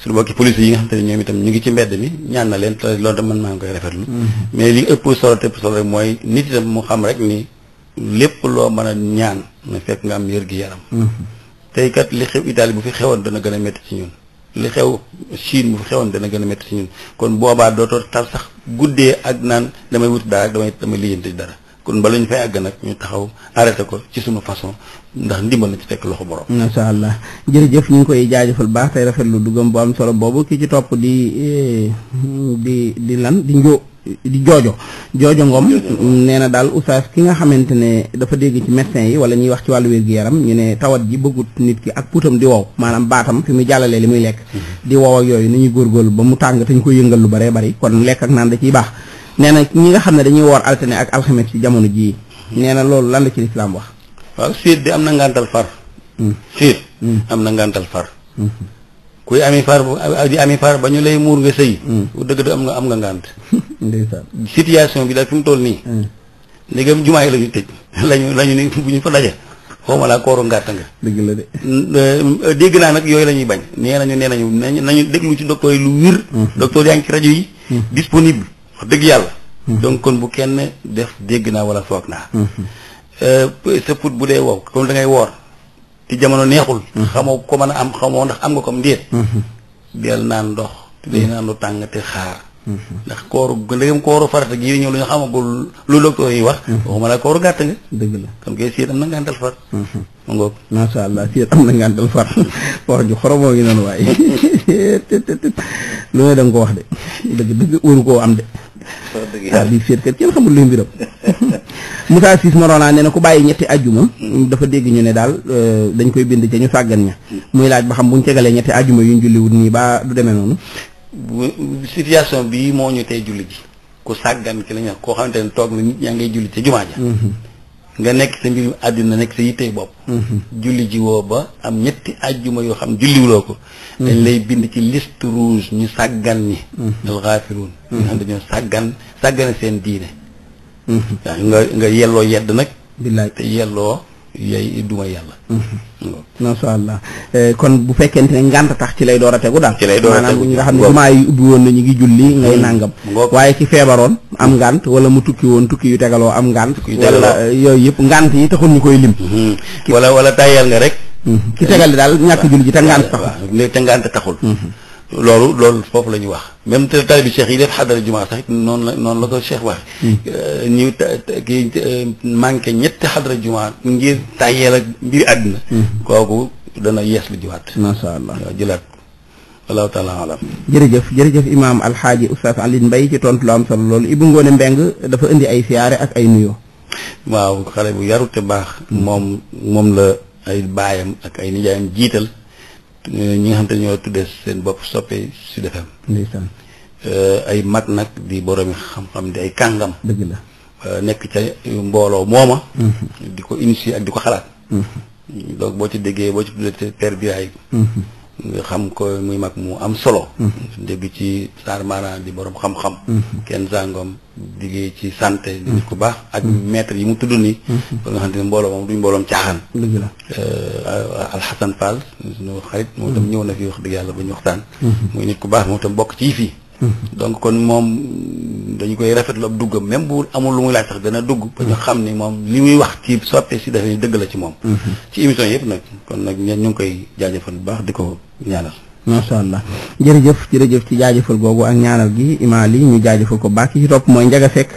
suñu mbokki police yi nga xam te ne ñoom itam ñu ngi ci mbedd mi ñaan na leen te loolu tam man maa ngi koy rafet rafetlu mm-hmm. mais li ëpp solo te ëpp solo rek mooy nit itam mu xam rek ni lépp loo mën a ñaan na fekk nga am yër gi yaram mm-hmm. tey kat li xew Italie bu fi xewoon dana gën a métti ci ñun li xew Chine bu fi xewoon dana gën a métti ñun kon boobaa dootoo tar sax guddee ak naan damay wuti dara ak damay damay di dara kon bala ñu fay àgg nag ñu taxaw arrêté ko ci sunu façon ndax ndimbal na ci fekk loxo borom. macha allah jërëjëf ñu ngi koy jaajëfal baax tey rafetlu dugam bu am solo boobu ki ci topp di eh, di lan di njó. di joojo joojo ngoom nee na daal oustaz ki nga xamante ne dafa dégg ci médecin yi wala ñuy wax ci wàllu wér-gu-yaram ñu ne tawat ji bëggut nit ki ak putam di wow maanaam baatam fi muy jàllalee li muy lekk mm-hmm. di wow ak yooyu ni ñuy góorgóorlu ba mu tàng te ñu ko yëngal lu baree bari kon lekk ak naan da ciy baax nee na ñi nga xam ne dañuy woor altine ak alxames ci jamono jii nee na loolu lan la ci lislaam wax waaw siit di am na ngàntal far mm. siit mm. am na ngàntal far mm-hmm. kuy ami far di ami far ba ñu lay muur nga sëy bu mm. dëgg da am nga am nga ngànt (laughs) ndeysaan situation bi daal fi mu toll nii mm. ndegam jumaa yi la (laughs) ñu tëj lañu lañu ni bu ñu fa daje xawma laa kooru ngàtt nga dëgg euh, dégg naa nag yooyu la bañ nee nañu nee nañu nañu déglu ci docteur yi lu wér mm. docteur yaa ngi ci rajo yi disponible wax dëgg yàlla donc kon bu kenn def dégg naa wala foog naa mm-hmm. euh, sa put bu dee wow comme da ngay woor te jamono neexul. Mm-hmm. xamoo ko mën a am xamoo ndax am nga ko am déet. Mm-hmm. del naan ndox. te day mm-hmm. naan lu tàng te xaar. ndax kooru ndegem kooru farata gii ñëw lu ñu xamagul lu docteur yi wax. waxuma la kooru gàtt nga. dëgg la kon kay siet am na ngàntal far. ma ngoog macha allah siet am na ngàntal far (laughs) wax ju xoromoo ngi noonu waaye (laughs) (laughs) lu ne da ko wax de dëgg dëgg wóoru koo am de. waaw biir seet kër kenn xamul luy mbiram (laughs) Moussa Cissé Morona nee na ku bàyyi ñetti ajjuma dafa dégg ñu ne daal euh, dañ koy bind ca ñu sàggan ña muy laaj ba xam bu ñu tegalee ñetti ajjuma yuñ julliwut nii baa du demee noonu situation bii moo ñu tey julli ji ku sàggan ki la ñu koo xamante toog na nit ñaa ngay julli ca jumaa ja mm-hmm. nga nekk sa mbirum àddina nekk sa yittey bopp mhm. julli ji woo ba am ñetti àjjuma yoo xam julliwuloo ko mhm. dañ lay bind ci liste rouge ñu sàggan ñi mhm. al xaafiruun xam dañoo sàggan sàggane seen diine waaw nga nga yelloo yedd nag billaay te yelloo du duma yàlla mm-hmm. masha allah eh, kon bu fekkente ne ngànt tax ci lay door a tegu daal ci lay door a tegu maanaam nga xam ne jumaa yi ubbi woon na ñu ngi julli ngay mm-hmm. nàngam waaye ki feebaroon am ngànt wala mu tukki woon tukki yu tegaloo am ngànt wala eh, yooyu yëpp ngànt yi taxul ñu koy lim mm-hmm. wala wala tayal nga rek ki tegal daal ñàkk julli ji te ngànt te ngànt taxul loolu loolu foofu la ñuy wax même te taalibi cheikh yi def xadara jumaat sax noonu la noonu la ko cheikh wax hmm. euh, ñu kii euh, ñetti xadara jumaa ngir tàyyeel ak mbiri àddina hmm. kooku dana yees lu jiwaat macha allah waaw jëlaat wallahu taala alam jërëjëf jërëjëf imaam alxaaji oustaz Alioune Mbaye ci tontu lu loolu Ibou Ngoné mbeng dafa indi ay siyaare ak ay nuyoo waaw xale bu yarute baax hmm. moom moom la ay baayam ak ay nijaayam jiital Euh, ñi nga xam te ñoo tuddee seen bopp soppe Sud FM. ndeysaan. Euh, ay mag nag di boroomi xam-xam di ay kàngam. dëgg la euh, nekk ca mbooloo mooma. Mm-hmm. di ko initier ak di ko xalaat. Mm-hmm. donc boo ci déggee boo ci tuddee Père Birahim. Mm-hmm. nga xam ko muy mag mu am solo mm-hmm. dégg ci Sarr Mara di borom xam-xam mm-hmm. kenn sàngom liggéey ci santé nit ku mm-hmm. baax ak maître yi mu tudd nii ba nga xam ne mbooloo moom duñ mbooloom caaxaan dëgg la euh, Alxasan Fall suñu xarit moo tam ñëw na fi wax dëgg yàlla ba ñu waxtaan muy nit ku baax moom tam bokk ci fii donc kon moom dañu koy rafetlu ab duggam même bu amul lu muy laaj sax dana dugg. ba ñu xam ni moom li muy wax ci soppee si dafay dëgg la ci moom. Mm-hmm. ci émission yëpp nag kon nag ñu ngi koy jaajëfal bu baax di ko ñaanal. macha allah jërëjëf jërëjëf ci jaajëfal googu ak ñaanal gi imaam yi ñu jaajëfal ko baax ci topp mooy njaga fekk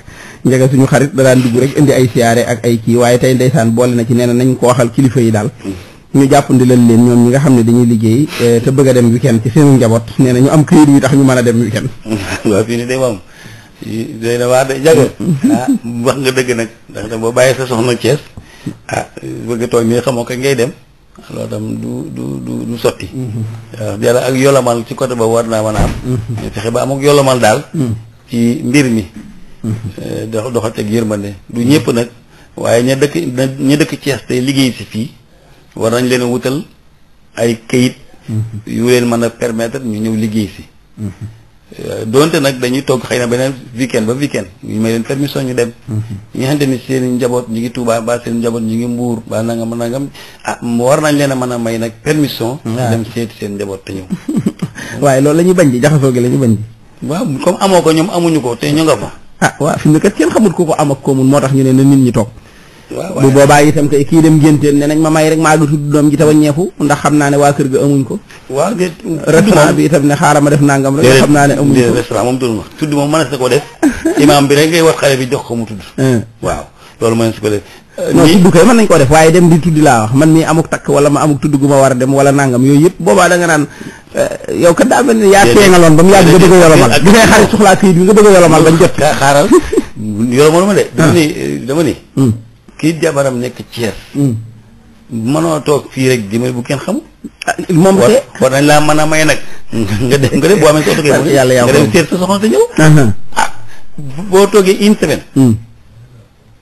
njaga suñu xarit da daan dugg rek indi ay siyaare ak ay kii waaye tey ndeysaan boole na ci nee na nañ ko waxal kilifa yi daal. Mm-hmm. ñu jàppandi leen leen ñoom ñi nga xam ne dañuy liggéey eh, te bëgg dem weekend ci seenu njaboot nee na ñu am këyit yu tax ñu man a dem weekend (laughs) waaw fii ni day moom day na mm-hmm. ah, wax de jago nag ndax tam boo bàyyi sa soxna Thiès ah bëgg toog nii xamoo ko ngay dem loolu tam du du sotti mm-hmm. ak yolamal ci côté ba war naa mën a am mm-hmm. fexe ba am ak yolamal daal ci mbir mi eh, dox doxal teg yërmande du ñëpp nag waaye ña dëkk ña dëkk Thiès tey liggéey si fii war nañ leen wutal ay kayit yu leen mën a permettre ñu ñëw liggéey si euh, doonte nag dañuy togg xay na beneen weekend ba weekend ñu may leen permission ñu dem mhm. ñi nga xamante ni seen njaboot ñu ngi Touba ba seen njaboot ñu ngi Mbuur ba nangam nangam ah war nañ leen a mën a may nag permission dem seeti seen njaboot te ñëw (laughs) waaye loolu la ñuy bañ ji jaxasoo gi la ñuy bañ ji waaw comme amoo ko ñoom amuñu ko te ñu nga fa ah waaw fi mu ne kat kenn xamul ku ko am ak ko mun moo tax ñu ne na nit ñi toog bu boobaa itam kay kii dem ngénteen ne nañ ma may rek maa ngi tudd doom ji te wàññeeku ndax xam naa ne waa kër ga amuñ ko waaw de restaurant ma def nangam rek xam naa ne amuñ ko restaurant moom tudd ma tudd moom mën na ko def imaam bi rek ngay war xale bi jox ko mu tudd (laughs) eh. waaw loolu mën na ko def eh, non tudd koy mën nañ koo def waaye dem di tuddi laa wax man mii amuk takk wala ma amuk tudd gu ma war a dem wala nangam yooyu yëpp boobaa da nga naan eh, yow kat daa mel ni yaa teengaloon ba mu yàgg nga bëgg a yolomal bi ngay xarit soxlaa këyit bi nga a yolomal (laughs) bañ jot xaaral (laughs) yolomaluma de ah. dama ni dama ni hmm. kii jabaram nekk Thiès. Mm. mënoo toog fii rek di may bu kenn xamul. Ah, moom te war nañ laa mën a may nag. nga dem nga dem boo amee soo toogee. yàlla yàlla nga dem seet sa soxna sa ñëw. Ah, boo toogee une semaine. Mm.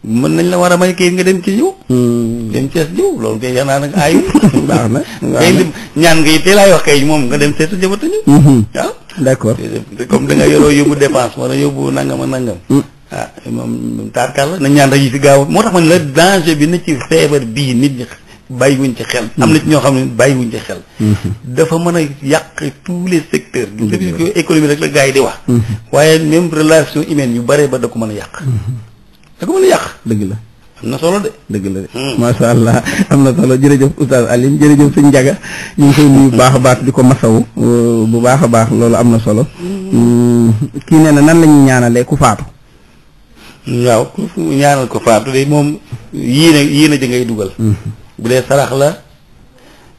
mën nañ la war a may kayit nga dem ci jiw. Mm. dem Thiès jiw loolu kay naa nag aay. (laughs) baax na kay ñaan nga it teel aay wax kay moom nga dem seet sa jabata ñëw. waaw mm-hmm. ah. d' accord. comme da nga yoroo yóbbu dépense wala yóbbu nangam nangam. ah moom moom taarkal la nañ ñaan rek yi si gaaw moo tax man la danger bi na ci feebar bii nit ñi bàyyiwuñ ci xel am na ci ñoo xam ne bàyyiwuñ ci xel mm-hmm. dafa mën a yàq tous les secteurs du service que économie rek la gars yi di wax mm-hmm. waaye même relation humaine yu bare ba da ko mën a yàq mm-hmm. da ko mën a yàq dëgg la am na solo de dëgg la de mm. macha allah am na solo jërëjëf a Alioune jërëjëf sëñ Ndiaga ñu ngi koy nuyu bu baax a baax di ko masawu uh, bu baax a baax loolu am na solo mm. Mm. kii nee na nan la ñuy ñaanalee ku waaw ñaanal ko faatu de moom yii ne yii ne ji ngay dugal mm-hmm. bu dee sarax la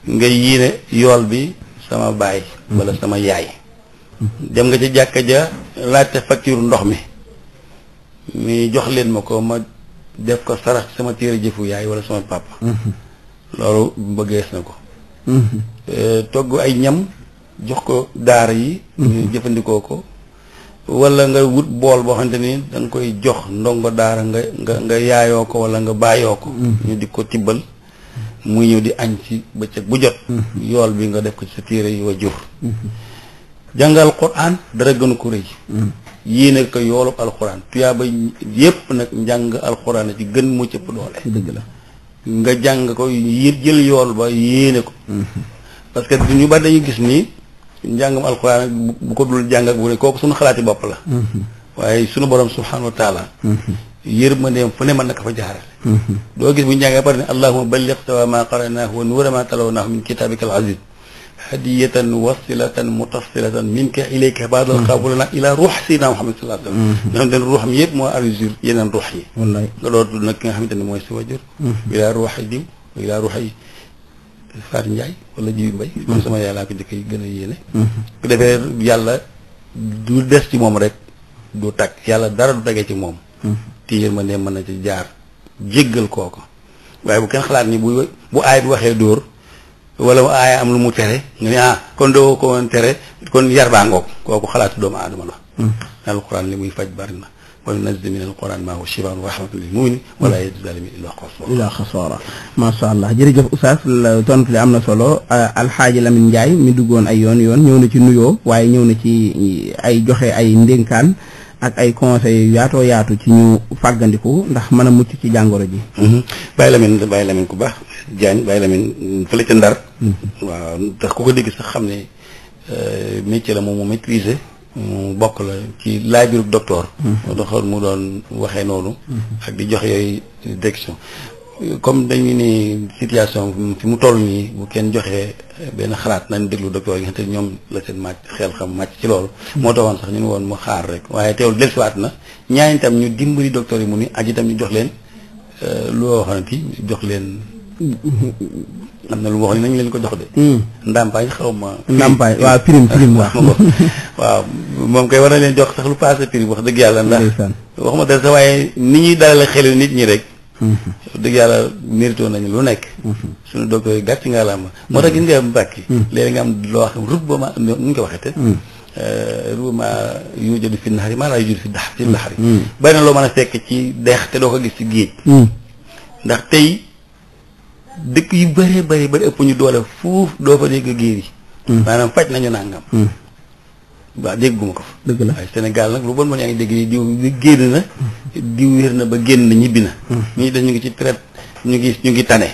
nga yiine yool bi sama baay wala sama yaay mm-hmm. dem nga ci jàkka ja laajte facture ndox mi mi jox leen ma ko ma def ko sarax sama téere jëfu yaay wala sama papa mm-hmm. loolu bëggees na ko eh, togg ay ñam jox ko daara yi ñu jëfandikoo ko wala nga wut bool boo xamante ni da nga koy jox ndongo daara nga nga nga yaayoo ko wala nga bàyyoo ko. Mm-hmm. ñu di ko tibbal muy ñëw di añ ci bëccëg bu jot. Mm-hmm. yool bi nga def ko ci sa téere yi wa jur. Mm-hmm. jàngal Qur'an dara gënu ko rëy. yéene ko yoolub alxuraan tuyaaba yépp nag njàng alxuraan la ci gën mu cëpp doole. dëgg la nga jàng ko yé jël yool ba yéene ko. parce que ñu bari dañu gis nii. njàngam alxuraan bu ko dul jàng ak bu ne kooku suñu xalaati bopp la waaye suñu borom subhaanahu wa taala yërmandeem fu ne mën na ko fa jaarale doo gis bu njàngee pare ne allahuma balliq sawa ma qaranaahu wa nuura ma talawnaahu min kitaabika al aziz hadiyatan wasilatan mutasilatan minka ilayka baadal xaabulana ila ruux sidina Muhammad sallallahu alayhi wa sallam mm-hmm. nga xamante ne ruux am yëpp moo arrosé yeneen ruux yi wallaay nga door tudd nag ki nga xamante ne mooy si wajur mm-hmm. ilaa ruux yi diw ilaa ruux yi wala jiw mbay man mm-hmm. sama yàllaa ko njëkk yi gën a yéene bu mm-hmm. defee yàlla du des ci moom rek du tag yàlla dara du tagee ci moom mm-hmm. te yërmande mën na ci jaar jéggal kooko waaye bu kenn xalaat ni bu bu aay bi waxee dóor wala aaya am lu mu tere nga ne ah kon doo ko woon tere kon yar baa ngoog kooku xalaatu doomu aadama la alxuraan li muy faj bari na wa nunazzilu mina al-Qur'ani maa huwa shifaa'un wa rahmatun lil mu'minin macha allah jërëjëf oustaz tontu li am na solo alxaaji Lamine Ndiaye mi duggoon ay yoon yoon ñëw na ci nuyoo waaye ñëw na ci ay joxe ay ndénkaan ak ay conseil yaatoo yaatu ci ñu fàggandiku ndax mën a mucc ci jàngoro ji. Mhm. bàyyi Lamine bàyyi Lamine ku baax Diagne bàyyi Lamine fële ca Ndar. Mhm. waaw ndax ku ko dégg sax xam ne euh, métier la moom moo mu bokk la ci laajurub docteur. moo mm-hmm. taxoon mu doon waxee noonu. Mm-hmm. ak di jox yooyu direction. comme dañu ni situation fi mu toll nii bu kenn joxee benn xalaat nañ déglu docteur yi nga xam ñoom la seen màcc xel xam màcc ci loolu. Mm-hmm. moo taxoon sax ñu ne woon mu xaar rek waaye teewul dellusiwaat na ñaan itam ñu dimbali docteur yi mu ni ak itam ñu jox leen euh, loo waxoon ci jox leen. (laughs) am na lu mu wax ni nañ leen ko jox de. Hmm. ndàmpaay xaw ma. ndàmpaay waaw prime prime waaw. (laughs) waaw moom kay war na leen jox sax lu passé prime wax dëgg yàlla. ndax wax ma dara sa waaye ni ñuy nit ñi rek. Hmm. dëgg yàlla mérito nañu lu nekk. Hmm. suñu docteur yi gàcc ngaa la am. moo tax gis nga mbàkki. léegi nga am loo wax rub ba ma nu ñu ko waxeete. Euh, rub maa laa yuujadu fi dax fi naxari. na loo mën a fekk ci dex te doo ko gis ci géej. ndax tey. dëkk yu bëree bëri bëri ëpp ñu doole fuuf doo fa dégg géer yi hmm. maanaam faj nañu nàngam hmm. waaw dégguma ko fa dëgg la waaye Sénégal nag lu bon bon yaa ngi dégg yi diw génn na hmm. diw wér na ba génn na ñibbi na ñu def ñu ngi ci traite ñu ngi ñu ngi tane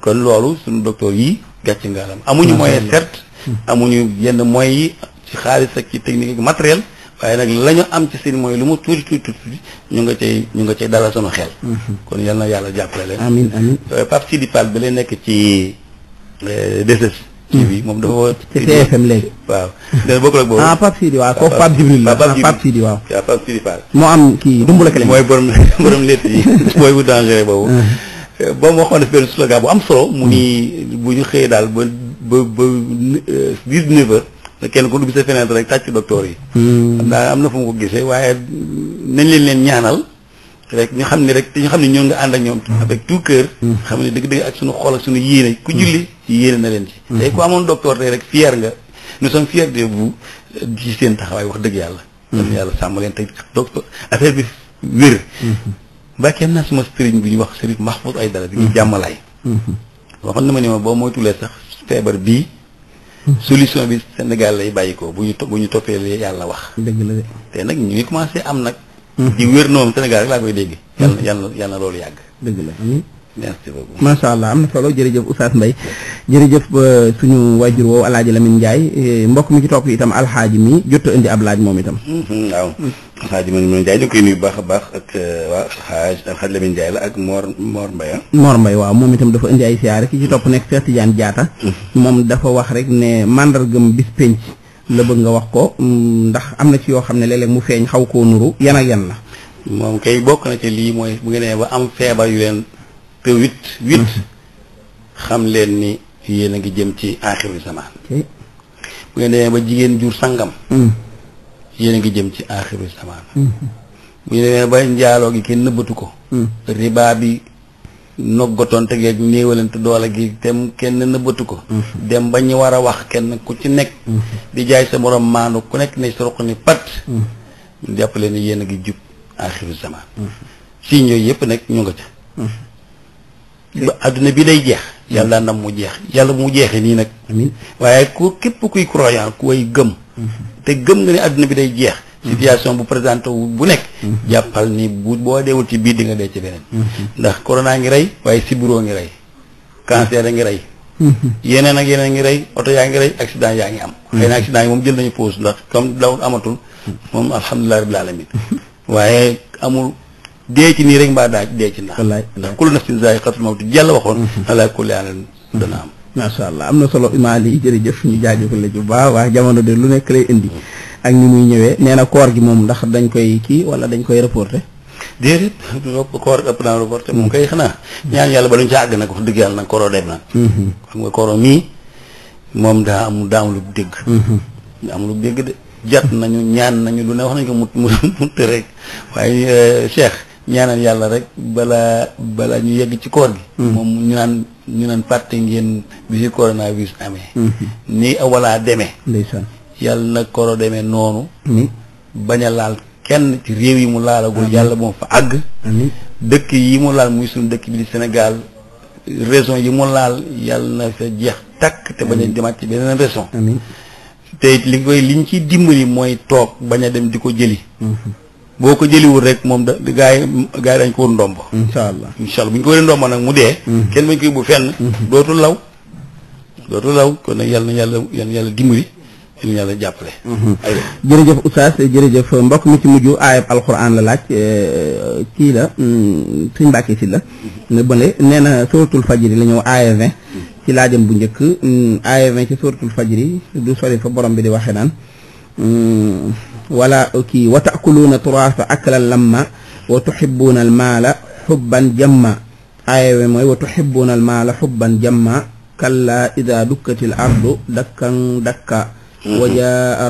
kon loolu suñu docteur yi gàcc ngaalam amuñu moyen certes amuñu yenn moyens yi ci xaalis ak ci technique ak matériel waaye nag la ñu am ci sin mooy lu mu tuuti tuuti tuuti ñu nga cay ñu nga cay dalal sunu xel mhm. kon yal na yàlla jàppale leen amiin amiin euh, Pape Sidi Fall bi lay nekk ci deses ci bi moom dafa ci TFM léegi waaw dana bokkul ak boobu ah Pape Sidi waaw kooku ah, ah, ah, moo am kii dumbula kele mooy borom (laughs) borom létt yi (laughs) mooy bu dangereux boobu euh, ba mu waxoon def benn slogan bu am solo mu ni bu ñu xëyee daal ba ba ba euh, dix-neuf heures da kenn ku dugg sa fenêtre rek tàcc docteur yi. daa am na fu mu ko gisee waaye nañ leen leen ñaanal rek ñu xam ne rek ñu xam ne ñoo nga ànd ak ñoom. Mm. avec tout cœur. Mm. xam ne dëgg-dëgg ak suñu xol ak suñu yéene. ku mm. julli na leen ci. tey amoon docteur tey rek fier nga nous sommes fiers de vous ci seen taxawaay wax dëgg yàlla. dëgg yàlla sàmm leen tey docteur affaire bi wér. Mm-hmm. mbàkkeem naa suma sëriñ bu ñu wax sëriñ Mahfouz Aïdara. di ngi mm-hmm. jàmmalaay. Mm-hmm. waxoon ma ne ma boo sax feebar bii. solution bi Sénégal lay bàyyi ko bu ñu bu ñu toppee li yàlla wax. dëgg la de te nag ñu ngi commencé am nag. Mm-hmm. di wér noonu Sénégal rek laa koy dégg. Mm-hmm. yàlla yàlla yàlla loolu yàgg. dëgg la mm-hmm. merci macha allah am na solo jërëjëf Oustaz mbay jërëjëf euh, suñu waajur woowu alaaji Lamine njaay mbokk mi ci topp itam alxaaji mi jot indi ab laaj moom itam mm-hmm, waaw alxaaji Lamine Ndiaye ñu koy baax a baax ak euh, waa alxaaj alxaaji Lamine la ak Mor Mor Mbaye ah. Mor Mbaye waaw moom itam dafa indi ay siyaare ki ci topp nekk Cheikh Tidiane Diatta mm-hmm. moom dafa wax rek ne màndargam bis penc la bëgg nga wax ko mm, ndax am na ci yoo xam ne léeg mu feeñ xaw ko nuru yan ak yan la moom kay bokk na ci lii mooy bu ngeen ba am feebar yu leen te huit xam leen ni yéen a ngi jëm ci aaxiru zamaan bu ngeen demee ba jigéen jur sangam mm. yéen a ngi jëm ci aaxiru zamaan mm. bu ñu demee ba njaaloo gi kenn nëbbatu ko mm. riba bi noggatoon te geeg néewalante doole gi tem kenn nëbbatu ko dem ba ñu war a wax kenn ku ci nekk di jaay sa morom maandu ku nekk ne sa roq ni pat jàpp leen ni yéen a ngi jub aaxiru zamaan siiñ yooyu yëpp nag ñu nga ca ba adduna bi day jeex yàlla nam mu jeex yàlla mu jeexee nii nag amiin waaye ku képp kuy croyant ku way gëm mm-hmm. te gëm nga ne adduna bi day jeex mm-hmm. situation bu présenté wu bu nekk mm-hmm. jàppal ni bu boo deewul ci biir di nga dee ci beneen ndax corona ngi rey waaye sibiroo ngi rey cancer a ngi rey yeneen ak yeneen ngi rey oto yaa ngi rey accident yaa ngi am xëy na accident yi moom jël nañu pause ndax comme daw amatul moom alhamdulilah rabbil alamin waaye amul dee ci nii rek mbaa daa dee ci ndax. wallaay ndax kullu nafsin zaa'iqatul mawt jàll waxoon. Mm-hmm. ala kulli haalin dana am. macha allah am na solo Imaali jërëjëf ñu jaajëfal la ju baax waaye jamono de lu nekk lay indi. Mm-hmm. ak ni muy ñëwee nee na koor gi moom ndax dañ koy kii wala dañ koy reporté. déedéet koor ëpp naa reporté moom koy xanaa. Mm-hmm. ñaan yàlla ba luñ ca àgg nag ko dëgg yàlla nag kooroo dem na. xam nga kooroo mii moom daa amul daa am lu dégg. am lu dégg jat nañu ñaan nañu lu ne wax nañ ko mu mu mu rek waaye euh, Cheikh. ñaanal yàlla rek balaa balaa ñu yegg ci koor gi. Mm-hmm. moom ñu naan ñu naan partie ngeen bi si coronavirus amee. Mm-hmm. nii walaa demee. ndeysaan yàlla na koro demee noonu. Mm-hmm. bañ a laal kenn ci réew yi mu laalagul yàlla moom fa àgg. dëkk yi mu laal muy suñu dëkk bi di Sénégal raison yi mu laal yàlla na fa jeex takk te bañ a demaat ci beneen raison. te li koy liñ ciy dimbali mooy toog bañ a dem di ko jëli. boo ko jëliwul rek moom da gaa yi dañ ko wër ndomba. Mm-hmm. incha allah incha bu ñu ko wëree ndomba nag mu dee. Mm-hmm. kenn bañ koy bu fenn. Mm-hmm. dootul law dootul law kon nag yàlla na yàlla yàlla yàlla dimbali. ñu yàlla jàppale. jërëjëf Oustaz jërëjëf mbokk mi ci mujj aayab alxuraan la laaj eh, kii la mm, suñ mbàkkee si la. bële nee na suratul faj la ñëw aaya 20. ci laajam bu njëkk mm, aaya 20 ci suratul fajiri du sori fa borom bi di waxee naan. Mm, wala kii wa taakuluuna turaasa aklan lamma wa tuxibuuna almaala xubban jamma mooy wa tuxibuuna almaala xubban jamma kalla ida dukkati l dakkan dakka wa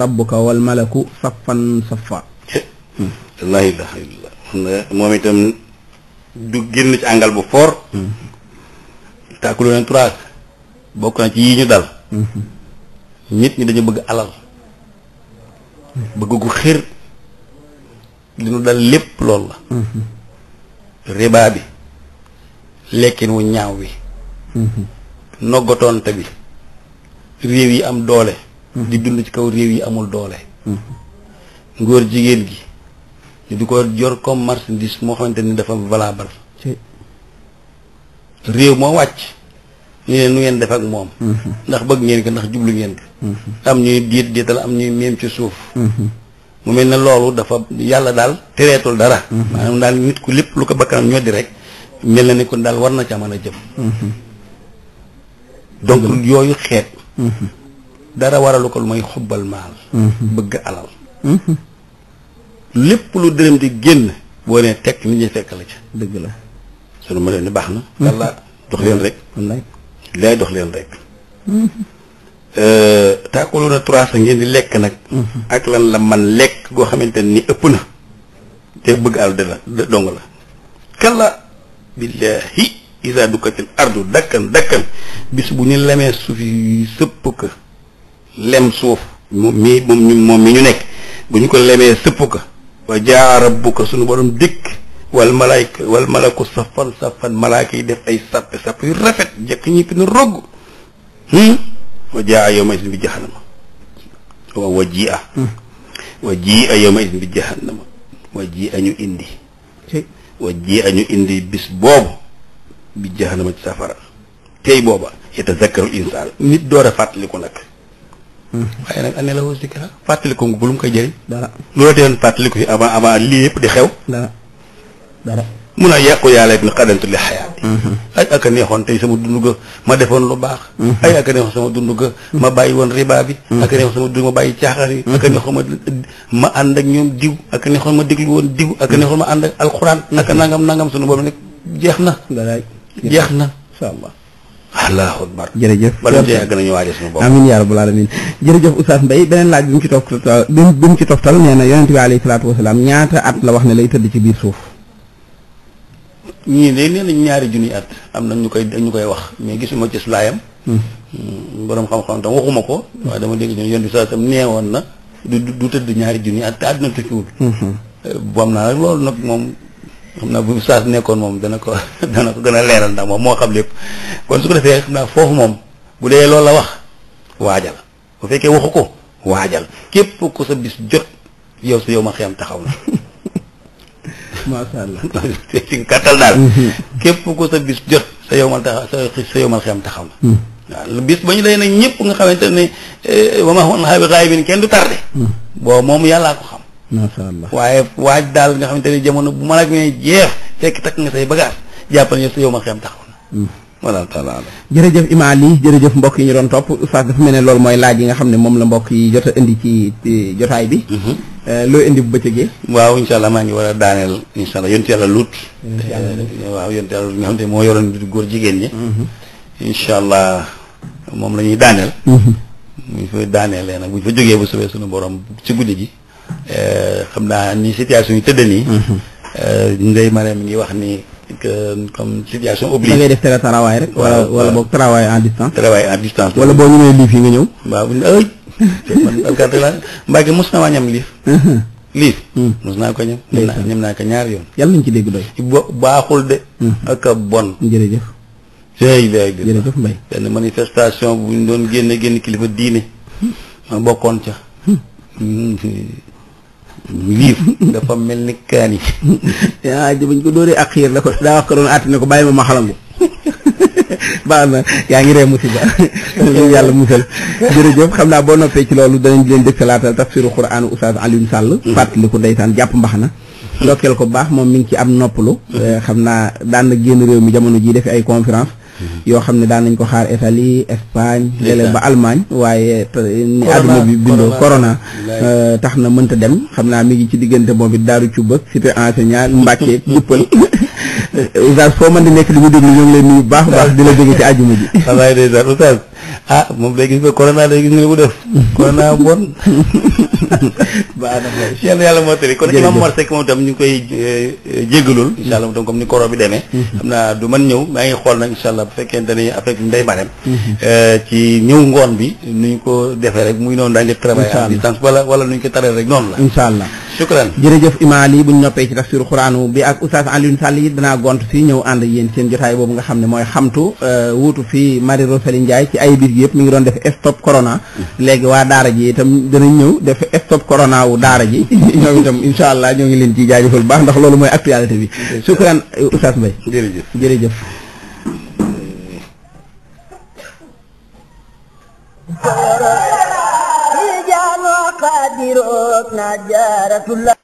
rabbuka wal malaku saffan moom itam du génn ci àngal bu foor taakuluuna turaas bokk ci yii ñu dal mm-hmm. nit ñi dañu bëgg alal bëgg gu xir li nu dal lépp lool la riba bi lekkin wu ñaaw wi noggatoonte bi réew yi am doole di dund ci kaw réew yi amul doole ngóor jigéen gi ñu di ko jor comme marchandise moo xamante ni dafa valable réew moo wàcc ñu ne nu ngeen def ak moom ndax bëgg ngeen ko ndax jublu ngeen ko am ñuy diit diital am ñuy meem ci suuf mu mel ni loolu dafa yàlla daal tereetul dara maanaam daal nit ku lépp lu ko bakkanam ñoo di rek mel na ni daal war na ca mën yooyu xeet dara waralu ko lu may xubbal lépp lu dërëm di génn boo tekk nit ñi fekk la dëgg la sunu baax na yàlla jox leen rek lay dox leen rek. Mm-hmm. Euh, taakulu na trois cent ngeen di lekk nag. Mm-hmm. ak lan la man lekk goo xamante ni ëpp na. te bëgg àll de la dong la. kala billahi isa dukkatil ardu dakkan dakkan bis bu ñu lemee suuf yi sëpp ka lem suuf moom mii moom mi ñu nekk bu ñu ko lemee sëpp ko wa jaa rabbuka sunu borom dikk wal malaayka wal malaku safan safan malaaka yi def ay sapp sapp yu rafet njëkk ñi fi nu rogg hmm? wa jaa isin bi jahannama wa ji hmm. a ji a yowma isin bi jahannama ji ñu indi wa a ñu indi bis boobu bi jahannama ci safara tey booba yatazakkarul insaan nit door a fàttaliku nag hmm. waaye nag année la woo zikra fàttaliku ngu bu lu mu koy jëriñ dara loolu teen fàttaliku fi avant avant lii yëpp di xew dara mun a yàqu yàlla it na xadantu li xayaat mm-hmm. ay ak a neexoon tey sama dundu ga ma defoon lu baax mm-hmm. ay ak a neexoon sama dund ga mm-hmm. ma bàyyi woon riba bi ak a neexoon sama dund ma bàyyi caaxaan yi ak a neexoon ma ànd ak ñoom diw ak a neexoon ma déglu woon diw ak a neexoon ma ànd ak alxuraan ak a nangam nangam sunu boobu nag jeex na dalaay jeex na incha allah allahu akbar jërëjëf bala jee gën a ñu waaje suñu bopp amin yaa rabbal alamin jërëjëf Oustaz Mbaye beneen laaj bi mu ci toftal bi mu ci toftal nee na yonent bi alayhi salaatu wasalaam ñaata at la wax ne lay tëdd ci biir suuf ñii de nee nañ ñaari junni at am na ñu koy dañu koy wax mais gisuma ci sulaayam hmm. hmm, borom xam-xam tam waxuma ko waaye dama dégg ñu yoon bi saa tam nee woon na du du tëdd ñaari junni at te àdduna tukkiwul hmm. eh, bu am naa nag loolu nag moom xam naa bu saas nekkoon moom dana ko (laughs) dana ko gën a leeral ndax moom moo xam lépp kon su ko defee xam naa foofu moom bu dee loolu la wax waajal bu fekkee waxu ko waajal képp ko sa bis jot yow si yow ma xiyam taxaw na (laughs) macha allah (laughs) ci gàttal daal. Mm-hmm. képp ku sa bis jot sa yowmal taxaw sa yowmal am taxaw na. Mm-hmm. waaw bis ba ñu lay nag ñëpp nga xamante ne eh, wa ma xabi xaayibin kenn du tardé. Mm-hmm. boo moom yàllaa ko xam. macha allah waaye waaj daal nga xamante ne jamono bu malaak mi jeex fekk takk nga say bagaas jàppal ñu sa yowmal xiyam taxaw na. wala taala jërëjëf Ima Ali jërëjëf mbokk yi ñu doon topp oustaz dafa mel ne loolu mooy laaj yi nga xam ne moom la mbokk yi jot a indi ci jotaay bi. Euh, loo indi bu bëccëgee. waaw incha allah maa ngi war a daaneel incha allah yonent yàlla luut. waaw yonent yàlla luut nga xam te moo yoroon góor jigéen ñi. Mm-hmm. incha allah moom la ñuy daaneel. Mm-hmm. bu ñu fa daaneelee nag bu ñu fa suñu borom ci guddi gi. Euh, xam naa ni situation yi tëdd nii. Mm-hmm. Euh, Ndeye Mariam mi ngi wax ni que comme situation oblige. da ngay def télétravail rek. wala wala boog travail en distance. travail en distance. wala boo ñëwee lii fii nga ñëw. waaw. man gàtt laa Mbacke mos na waa ñam liif uh-huh. liif hmm. naa ko ñam ñam naa ko ñaari yoon yàlla nañ ci dégg doy baaxul de hmm. ak a bon jërëjëf sëy bi ak di jërëjëf bu ñu doon génn génn kilifa diine hmm. ma bokkoon ca liif dafa mel ni kaani (laughs) yaa jëbañ ko dóoree ak xiir la ko daa wax ko doon àtti ne ko bàyyi ma ma xalangu baax na yaa ngi ree musiba yàlla musal jërëjëf xam naa boo noppee ci loolu danañ leen dëkkalaatal tafsiru quraan oustaz Alioune Sall hmm. fàttali ko ndeysaan jàpp mbax na ndokkeel ko baax moom mi ngi ci am nopp noppalu hmm. eh, xam naa daan na génn réew mi jamono ji def ay conférence yoo xam ne daan nañ ko xaar Italie Espagne léeg-léeg ba Allemagne waaye ni àdduna bi bindoo corona euh, tax na mënta dem xam naa mi ngi ci diggante moom it daaru cubbak cité enseignant Mbàcke (laughs) juppal (laughs) oustaz foo mën di nekk di ñu déglu ñoo ngi leen nuyu baax baax di la jóge ci àjjuma ji ah moom day gis nga corona day gis nga li mu def. corona bon. (laughs) baax na moom yàlla moo tëri kon imam Mor Seck moom tam ñu ngi koy eh, jéggalul mm-hmm. incha allah moom comme ni koro bi demee mm-hmm. xam naa du man ñëw maa ngi xool nag incha allah bu fekkente ni avec Ndeye Marème mm-hmm. eh, ci ñëw ngoon bi nu ñu ko defee rek muy noonu daañu def travail à distance wala wala nu ñu ko taree rek noonu la incha allah shukran jërëjëf imaam yi bu ñu noppee ci tafsiru xuraanu bi ak oustaz Alioune Sall yi danaa gont fii ñëw ànd yéen seen jotaay boobu nga xam ne mooy xamtu euh, wuutu fii Marie Rosalie Ndiaye ci ay bis gi yëpp mi ngi doon def stop corona mm. léegi waa daara ji itam danañ ñëw def stop corona wu daara ji (laughs) mm. ñoom itam incha allah ñoo ngi leen ciy jaajëfal baax ndax loolu mooy actualité bi shukran euh, oustaz Mbaye jërëjëf jërëjëf All right. siirook na jaaratulla